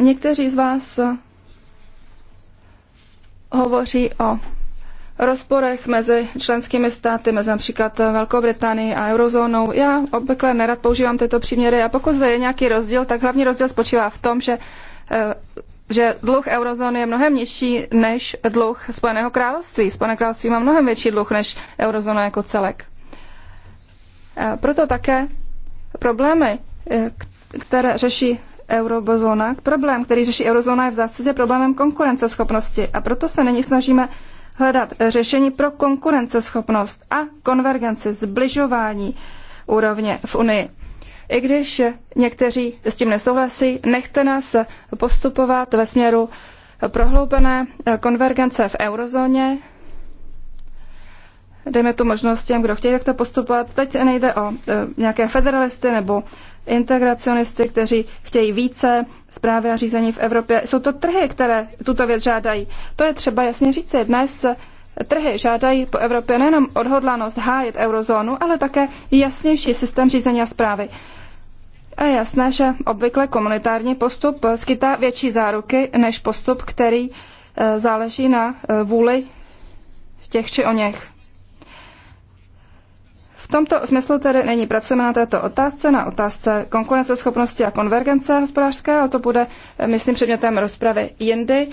Někteří z vás eh, hovoří o rozporech mezi členskými státy, mezi například Velkou Británií a eurozónou. Já obvykle nerad používám tyto příměry a pokud zde je nějaký rozdíl, tak hlavní rozdíl spočívá v tom, že eh, že dluh eurozóny je mnohem nižší než dluh Spojeného království. Spojené království má mnohem větší dluh než eurozóna jako celek. Eh, proto také problémy, které řeší eurozóna, problém, který řeší eurozóna, je v zásadě problémem konkurenceschopnosti a proto se nyní snažíme hledat řešení pro konkurenceschopnost a konvergenci, zbližování úrovně v Unii. I když někteří s tím nesouhlasí, nechte nás postupovat ve směru prohloubené konvergence v eurozóně. Dejme tu možnost těm, kdo chtějí takto postupovat. Teď nejde o e, nějaké federalisty nebo integracionisty, kteří chtějí více zprávy a řízení v Evropě. Jsou to trhy, které tuto věc žádají. To je třeba jasně říci. Dnes trhy žádají po Evropě nejenom odhodlanost hájit eurozónu, ale také jasnější systém řízení a zprávy. A je jasné, že obvykle komunitární postup skytá větší záruky než postup, který e, záleží na e, vůli těch či o něch tomto smyslu tedy není pracujeme na této otázce, na otázce konkurenceschopnosti a konvergence hospodářské, ale to bude, eh, myslím, předmětem rozpravy jindy.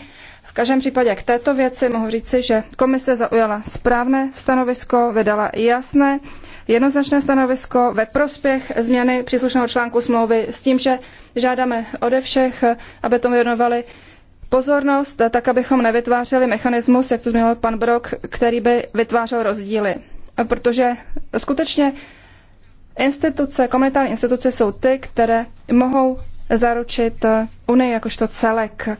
V každém případě k této věci mohu říci, že komise zaujala správné stanovisko, vydala jasné, jednoznačné stanovisko ve prospěch změny příslušného článku smlouvy s tím, že žádáme ode všech, eh, aby tomu věnovali pozornost, tak abychom nevytvářeli mechanismus, jak to zmínil pan Brok, který by vytvářel rozdíly. Eh, protože skutečně instituce, komunitární instituce jsou ty, které mohou zaručit eh, Unii jakožto celek. Eh,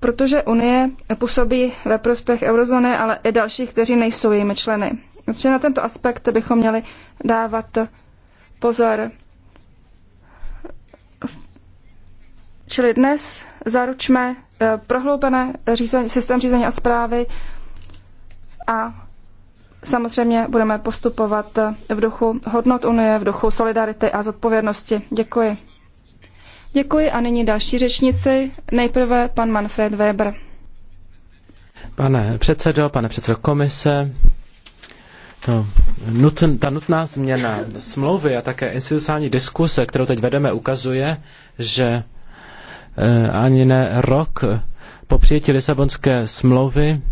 protože Unie působí ve prospěch eurozóny, ale i dalších, kteří nejsou jejími členy. Protože na tento aspekt bychom měli dávat pozor. Čili dnes zaručme prohloubené řízení, systém řízení a zprávy a samozřejmě budeme postupovat v duchu hodnot Unie, v duchu solidarity a zodpovědnosti. Děkuji. Děkuji a nyní další řečnici. Nejprve pan Manfred Weber. Pane předsedo, pane předsedo komise, to, no, nutn, ta nutná změna smlouvy a také institucionální diskuse, kterou teď vedeme, ukazuje, že e, ani ne rok po přijetí Lisabonské smlouvy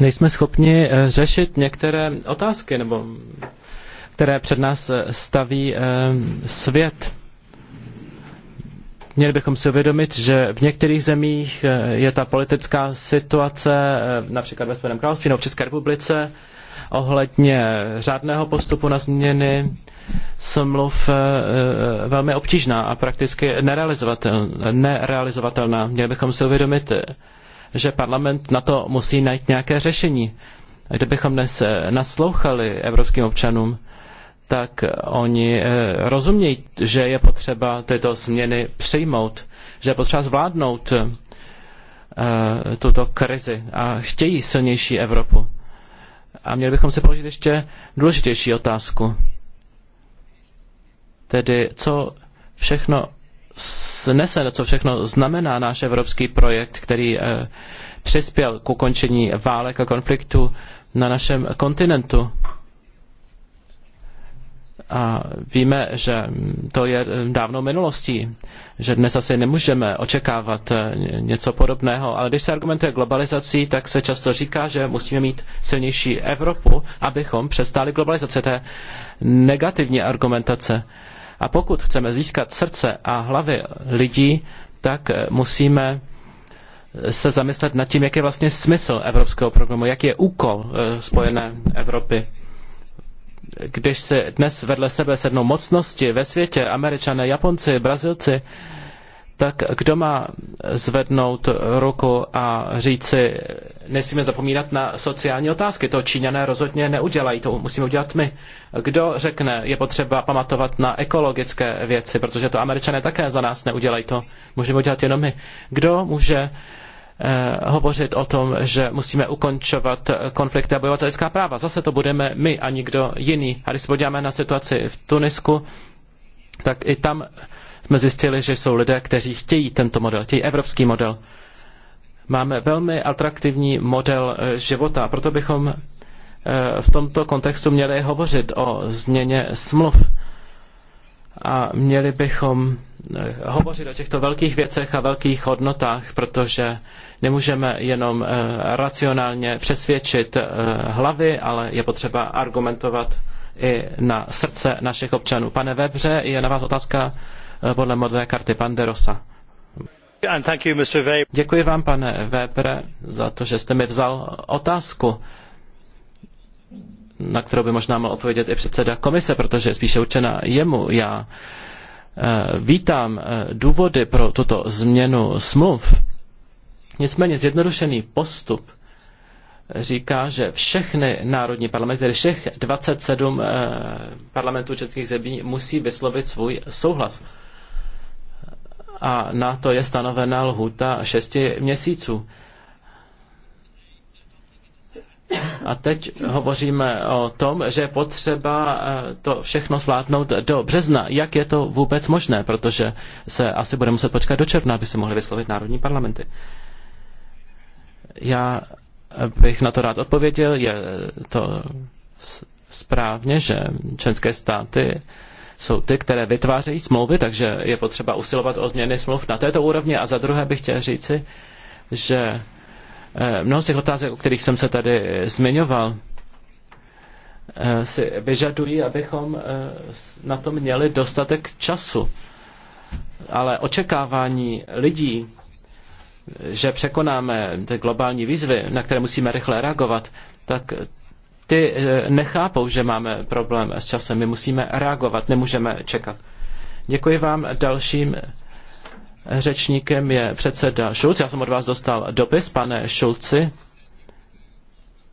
nejsme schopni eh, řešit některé otázky, nebo které před nás eh, staví eh, svět. Měli bychom si uvědomit, že v některých zemích je ta politická situace, například ve Spojeném království nebo v České republice, ohledně řádného postupu na změny smluv velmi obtížná a prakticky nerealizovatelná. Měli bychom si uvědomit, že parlament na to musí najít nějaké řešení. Kdybychom dnes eh, naslouchali evropským občanům, tak eh, oni eh, rozumějí, že je potřeba tyto změny přijmout, že je potřeba zvládnout tuto krizi a chtějí silnější Evropu. A měli bychom se položit ještě důležitější otázku. Tedy, co všechno snese, co všechno znamená náš evropský projekt, který eh, přispěl k ukončení válek a konfliktu na našem kontinentu. A víme, že mm, to je eh, dávnou minulostí, že dnes asi nemůžeme očekávat eh, něco podobného, ale když se argumentuje globalizací, tak se často říká, že musíme mít silnější Evropu, abychom přestáli globalizace té negativní argumentace. A pokud chceme získat srdce a hlavy lidí, tak eh, musíme eh, se zamyslet nad tím, jak je vlastně smysl evropského programu, jak je úkol eh, Spojené Evropy. Když se dnes vedle sebe sednou mocnosti ve světě, američané, Japonci, Brazilci, tak kdo má zvednout ruku a říci, nesmíme zapomínat na sociální otázky, to Číňané rozhodně neudělají, to musíme udělat my. Kdo řekne, je potřeba pamatovat na ekologické věci, protože to američané také za nás neudělají, to můžeme udělat jenom my. Kdo může eh, hovořit o tom, že musíme ukončovat konflikty a bojovat za lidská práva. Zase to budeme my a nikdo jiný. A když se podíváme na situaci v Tunisku, tak i tam jsme zjistili, že jsou lidé, kteří chtějí tento model, chtějí evropský model. Máme velmi atraktivní model eh, života proto bychom eh, v tomto kontextu měli hovořit o změně smluv a měli bychom eh, hovořit o těchto velkých věcech a velkých hodnotách, protože nemůžeme jenom racionálně přesvědčit hlavy, ale je potřeba argumentovat i na srdce našich občanů. Pane Webře, je na vás otázka Eh, podle modré karty. Panderosa. Děkuji vám, pane Weber, za to, že jste mi vzal otázku, na kterou by možná mohl odpovědět i předseda komise, protože je spíše určena jemu. Já eh, vítám eh, důvody pro tuto změnu smluv. Nicméně zjednodušený postup říká, že všechny národní parlamenty, tedy všech 27 parlamentů českých zemí, musí vyslovit svůj souhlas a na to je stanovená lhuta šesti měsíců. A teď hovoříme o tom, že je potřeba eh, to všechno zvládnout do března. Jak je to vůbec možné? Protože se asi bude muset počkat do června, aby se mohly vyslovit národní parlamenty. Já bych na to rád odpověděl. Je to správně, že členské státy jsou ty, které vytvářejí smlouvy, takže je potřeba usilovat o změny smluv na této úrovni. A za druhé bych chtěl říci, že eh, mnoho z těch otázek, o kterých jsem se tady zmiňoval, eh, si vyžadují, abychom eh, na to měli dostatek času. Ale očekávání lidí, že překonáme ty globální výzvy, na které musíme rychle reagovat, tak ty eh, nechápou, že máme problém s časem. My musíme reagovat, nemůžeme čekat. Děkuji vám. Dalším eh, řečníkem je předseda Šulc. Já jsem od vás dostal dopis, pane Šulci,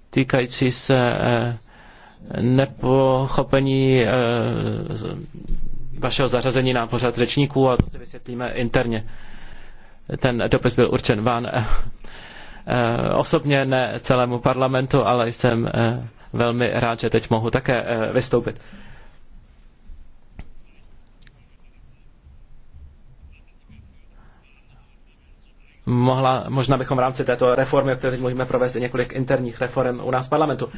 týkající se eh, nepochopení vašeho zařazení na pořad řečníků a to si vysvětlíme interně. Ten dopis byl určen vám osobně, ne celému parlamentu, ale jsem velmi rád, že teď mohu také eh, vystoupit. Mohla, možná bychom v rámci této reformy, o které teď mluvíme, provést i několik interních reform u nás v parlamentu.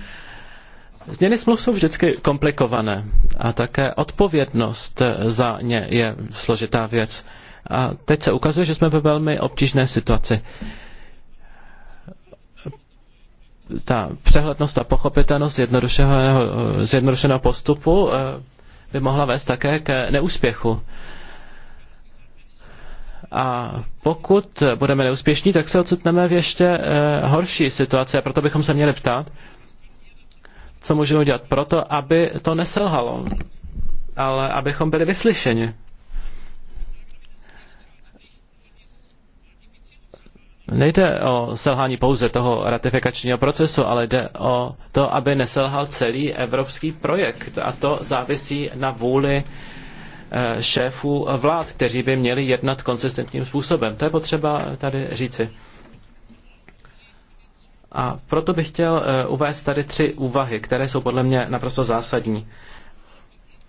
Změny smluv jsou vždycky komplikované a také odpovědnost za ně je složitá věc. A teď se ukazuje, že jsme ve velmi obtížné situaci. Uh, ta přehlednost a pochopitelnost zjednodušeného, eh, zjednodušeného postupu eh, by mohla vést také ke neúspěchu. A pokud budeme neúspěšní, tak se ocitneme v ještě eh, horší situaci. A proto bychom se měli ptát, co můžeme udělat proto, aby to neselhalo, ale abychom byli vyslyšeni. Nejde o selhání pouze toho ratifikačního procesu, ale jde o to, aby neselhal celý evropský projekt. A to závisí na vůli eh, šéfů vlád, kteří by měli jednat konsistentním způsobem. To je potřeba tady říci. A proto bych chtěl eh, uvést tady tři úvahy, které jsou podle mě naprosto zásadní.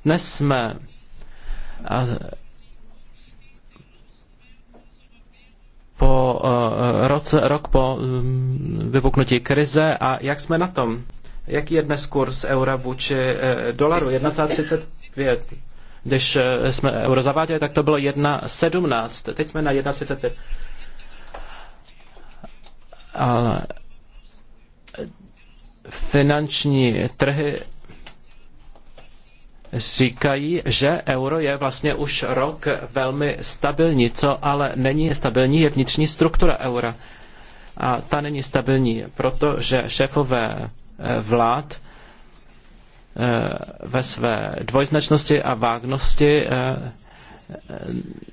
Dnes jsme po eh, roce, rok po mm, vypuknutí krize a jak jsme na tom? Jaký je dnes kurz eura vůči eh, dolaru? 1,35. Když eh, jsme euro zaváděli, tak to bylo 1,17. Teď jsme na 1,35. Ale finanční trhy říkají, že euro je vlastně už rok velmi stabilní. Co ale není stabilní, je vnitřní struktura eura. A ta není stabilní, protože šéfové eh, vlád eh, ve své dvojznačnosti a vágnosti eh,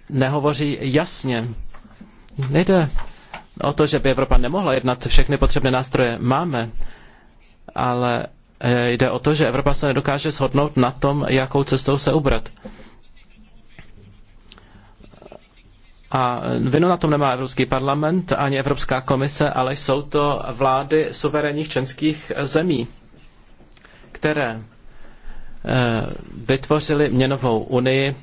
nehovoří jasně. Nejde o to, že by Evropa nemohla jednat, všechny potřebné nástroje máme, ale Eh, jde o to, že Evropa se nedokáže shodnout na tom, jakou cestou se ubrat. A vinu na tom nemá Evropský parlament ani Evropská komise, ale jsou to vlády suverénních členských zemí, které eh, vytvořily měnovou unii,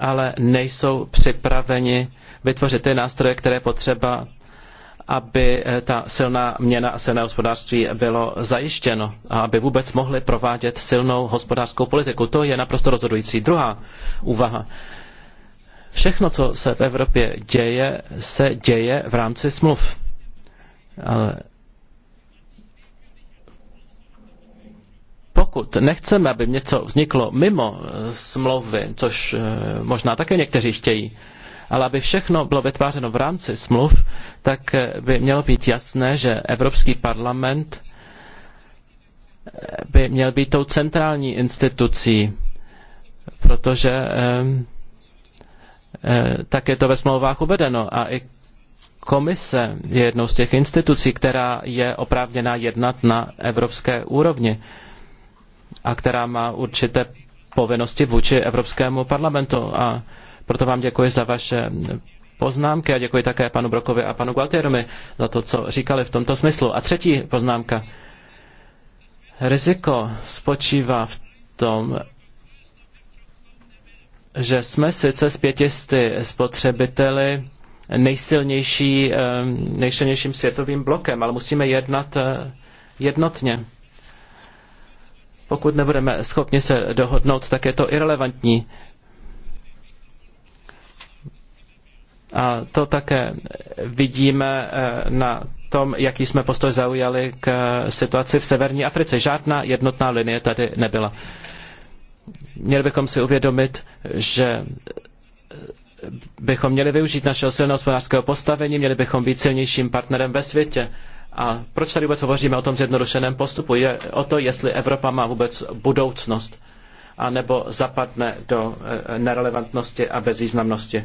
ale nejsou připraveni vytvořit ty nástroje, které potřeba aby eh, ta silná měna a silné hospodářství bylo zajištěno a aby vůbec mohli provádět silnou hospodářskou politiku. To je naprosto rozhodující. Druhá úvaha. Všechno, co se v Evropě děje, se děje v rámci smluv. Ale pokud nechceme, aby něco vzniklo mimo eh, smlouvy, což eh, možná také někteří chtějí, ale aby všechno bylo vytvářeno v rámci smluv, tak eh, by mělo být jasné, že Evropský parlament eh, by měl být tou centrální institucí, protože ehm, eh, tak je to ve smlouvách uvedeno a i komise je jednou z těch institucí, která je oprávněná jednat na evropské úrovni a která má určité povinnosti vůči Evropskému parlamentu a proto vám děkuji za vaše poznámky a děkuji také panu Brokovi a panu Gualtieromi za to, co říkali v tomto smyslu. A třetí poznámka. Riziko spočívá v tom, že jsme sice z pětisty spotřebiteli nejsilnější, eh, nejsilnějším světovým blokem, ale musíme jednat eh, jednotně. Pokud nebudeme schopni se dohodnout, tak je to irrelevantní. A to také vidíme eh, na tom, jaký jsme postoj zaujali k eh, situaci v severní Africe. Žádná jednotná linie tady nebyla. Měli bychom si uvědomit, že bychom měli využít našeho silného hospodářského postavení, měli bychom být silnějším partnerem ve světě. A proč tady vůbec hovoříme o tom zjednodušeném postupu? Je o to, jestli Evropa má vůbec budoucnost, anebo zapadne do eh, nerelevantnosti a bezvýznamnosti.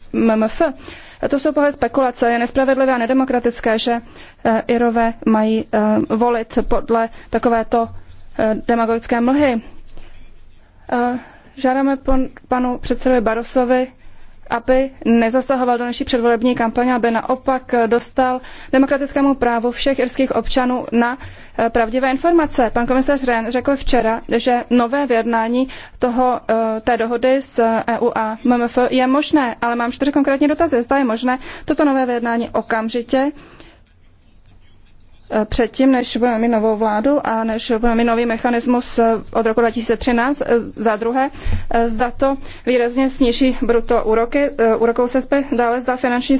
MMF. To jsou pohled spekulace. Je nespravedlivé a nedemokratické, že eh, Irové mají eh, volit podle takovéto eh, demagogické mlhy. Žádáme panu předsedovi Barosovi, aby nezasahoval do naší předvolební kampaně, aby naopak dostal demokratickému právu všech irských občanů na eh, pravdivé informace. Pan komisař Ren řekl včera, že nové vyjednání toho, eh, té dohody s EU a MMF je možné, ale mám čtyři konkrétní dotazy. Zda je možné toto nové vyjednání okamžitě Eh, předtím, než budeme mít novou vládu a než budeme mít nový mechanismus eh, od roku 2013. Eh, za druhé, zda to výrazně sníží bruto úroky, úrokovou sazby. Dále zda finanční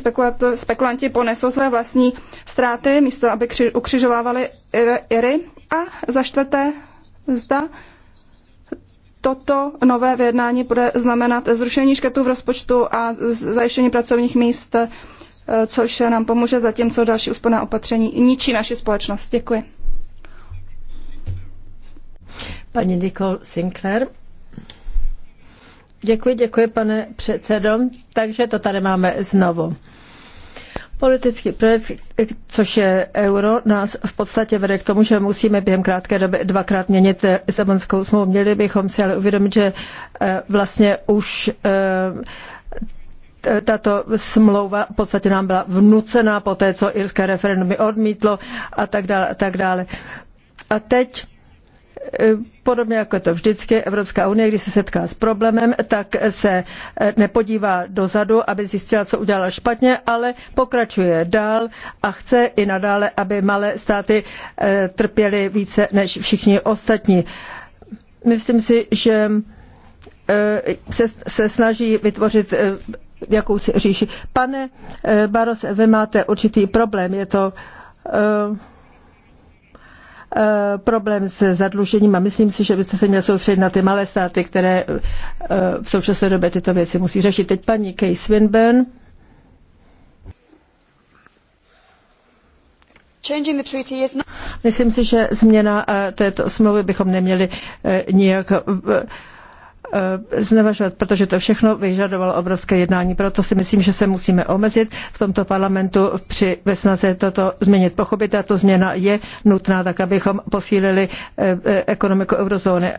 spekulanti ponesou své vlastní ztráty, místo aby kři, ukřižovávali iry. A za čtvrté, zda toto nové vyjednání bude znamenat zrušení škrtů v rozpočtu a zajištění pracovních míst Eh, což nám pomůže, co další úsporná opatření ničí naši společnost. Děkuji. Paní Nicole Sinclair. Děkuji, děkuji, pane předsedo. Takže to tady máme znovu. Politický projekt, což je euro, nás v podstatě vede k tomu, že musíme během krátké doby dvakrát měnit eh, Lisabonskou smlouvu. Měli bychom si ale uvědomit, že eh, vlastně už tato smlouva v podstatě nám byla vnucená po té, co irské referendum odmítlo a tak dále a tak dále. A teď e, podobně jako to vždycky, Evropská unie, když se setká s problémem, tak se e, nepodívá dozadu, aby zjistila, co udělala špatně, ale pokračuje dál a chce i nadále, aby malé státy e, trpěly více než všichni ostatní. Myslím si, že se, se snaží vytvořit jakousi říši. Pane eh, Baros, vy máte určitý problém, je to uh, problém se zadlužením a myslím si, že byste se měl soustředit na ty malé státy, které v současné době tyto věci musí řešit. Teď paní Kay Swinburne. Myslím si, že změna této smlouvy bychom neměli nijak Eh, znevažovat, protože to všechno vyžadovalo obrovské jednání. Proto si myslím, že se musíme omezit v tomto parlamentu při ve snaze toto změnit. Pochopit, tato změna je nutná, tak abychom posílili eh, eh, ekonomiku eurozóny.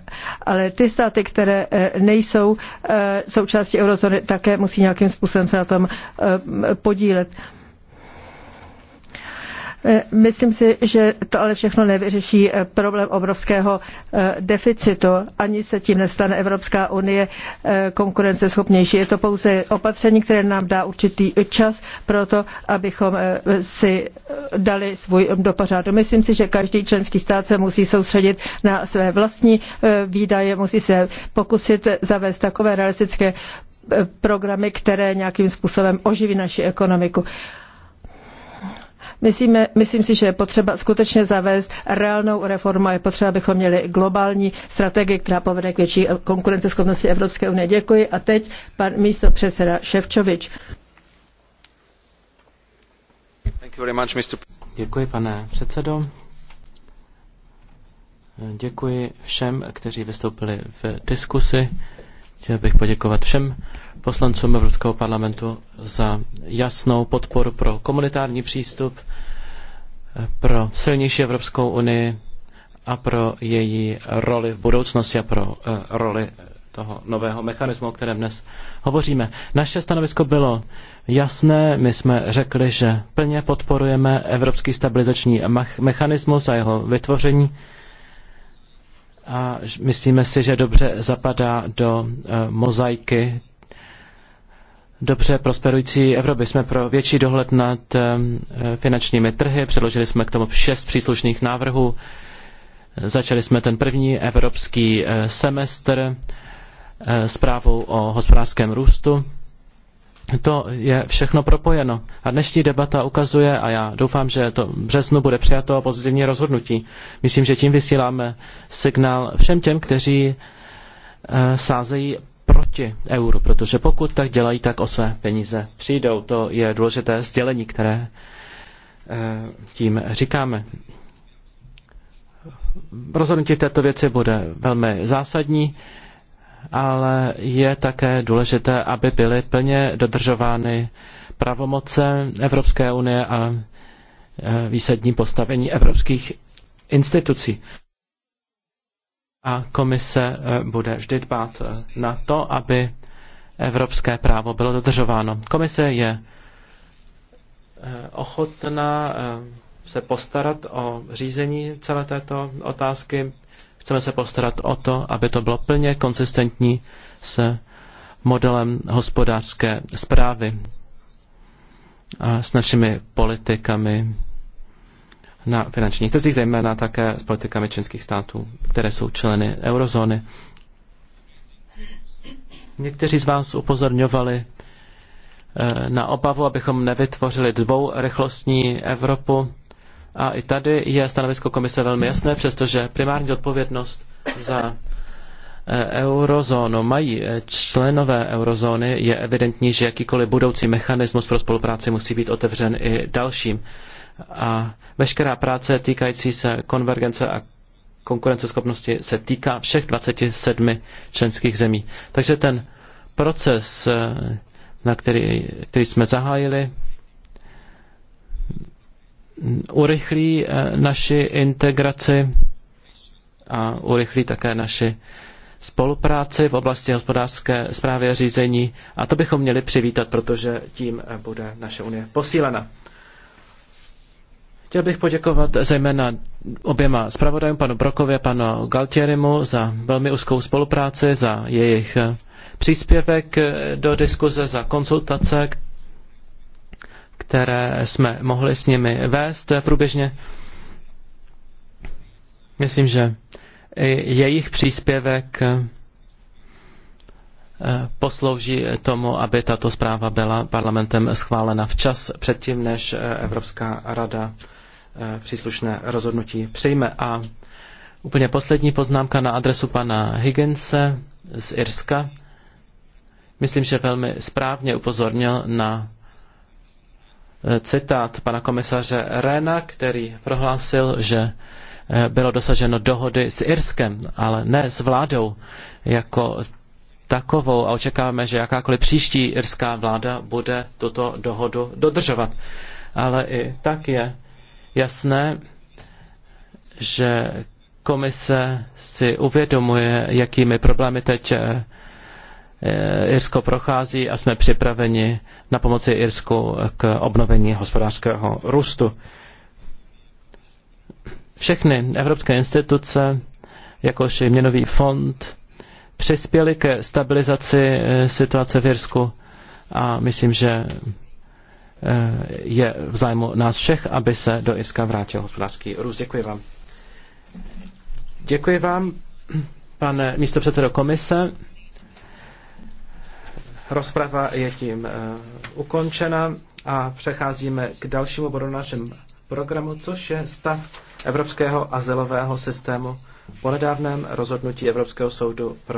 Ale ty státy, které nejsou součástí eurozóny, také musí nějakým způsobem se na tom podílet. Eh, myslím si, že to ale všechno nevyřeší eh, problém obrovského eh, deficitu. Ani se tím nestane Evropská unie konkurenceschopnější. Je to pouze opatření, které nám dá určitý čas pro to, abychom si dali svůj do pořádu. Myslím si, že každý členský stát se musí soustředit na své vlastní výdaje, musí se pokusit zavést takové realistické programy, které nějakým způsobem oživí naši ekonomiku. Myslíme, myslím si, že je potřeba skutečně zavést reálnou reformu a je potřeba, abychom měli globální strategii, která povede k větší konkurenceschopnosti Evropské unie. Děkuji. A teď pan místo předseda Ševčovič. Děkuji, pane předsedo. Děkuji všem, kteří vystoupili v diskusi. Chtěl bych poděkovat všem poslancům Evropského parlamentu za jasnou podporu pro komunitární přístup pro silnější Evropskou unii a pro její roli v budoucnosti a pro eh, roli toho nového mechanismu, o kterém dnes hovoříme. Naše stanovisko bylo jasné, my jsme řekli, že plně podporujeme Evropský stabilizační mechanismus a jeho vytvoření a myslíme si, že dobře zapadá do eh, mozaiky dobře prosperující Evropy. Jsme pro větší dohled nad eh, finančními trhy, předložili jsme k tomu šest příslušných návrhů. Začali jsme ten první evropský eh, semestr eh, zprávou o hospodářském růstu. To je všechno propojeno. A dnešní debata ukazuje, a já doufám, že to v březnu bude přijato pozitivní rozhodnutí. Myslím, že tím vysíláme signál všem těm, kteří sázejí proti euru, protože pokud tak dělají, tak o své peníze přijdou. To je důležité sdělení, které eh, tím říkáme. Rozhodnutí této věci bude velmi zásadní, ale je také důležité, aby byly plně dodržovány pravomoce Evropské unie a eh, výsadní postavení evropských institucí a komise eh, bude vždy dbát eh, na to, aby evropské právo bylo dodržováno. Komise je eh, ochotná se postarat o řízení celé této otázky. Chceme se postarat o to, aby to bylo plně konsistentní s modelem hospodářské zprávy a s našimi politikami na finančních trzích, zejména také s politikami členských států, které jsou členy eurozóny. Někteří z vás upozorňovali eh, na obavu, abychom nevytvořili rychlostní Evropu. A i tady je stanovisko komise velmi jasné, přestože primární odpovědnost za eh, eurozónu mají eh, členové eurozóny, je evidentní, že jakýkoliv budoucí mechanismus pro spolupráci musí být otevřen i dalším. A Veškerá práce týkající se konvergence a konkurenceschopnosti se týká všech 27 členských zemí. Takže ten proces, na který, který jsme zahájili, urychlí eh, naši integraci a urychlí také naši spolupráci v oblasti hospodářské správy a řízení. A to bychom měli přivítat, protože tím eh, bude naše unie posílena. Chtěl bych poděkovat zejména oběma zpravodajům, panu Brokovi a panu Galtierimu, za velmi úzkou spolupráci, za jejich eh, příspěvek eh, do diskuze, za konzultace, které jsme mohli s nimi vést eh, průběžně. Myslím, že jejich příspěvek poslouží tomu, aby tato zpráva byla parlamentem schválena včas předtím, než Evropská rada Eh, příslušné rozhodnutí přijme. A úplně poslední poznámka na adresu pana Higginse z Irska. Myslím, že velmi správně upozornil na eh, citát pana komisaře Rena, který prohlásil, že eh, bylo dosaženo dohody s Irskem, ale ne s vládou jako takovou a očekáváme, že jakákoliv příští irská vláda bude tuto dohodu dodržovat. Ale i tak je jasné, že komise si uvědomuje, jakými problémy teď eh, eh, Irsko prochází a jsme připraveni na pomoci Irsku k obnovení hospodářského růstu. Všechny evropské instituce, jakož i měnový fond, přispěly ke stabilizaci eh, situace v Irsku a myslím, že Eh, je v zájmu nás všech, aby se do Iska vrátil hospodářský růst. Děkuji vám. Děkuji vám, pane místopředsedo komise. Rozprava je tím eh, ukončena a přecházíme k dalšímu bodu našem programu, což je stav evropského azylového systému po nedávném rozhodnutí Evropského soudu pro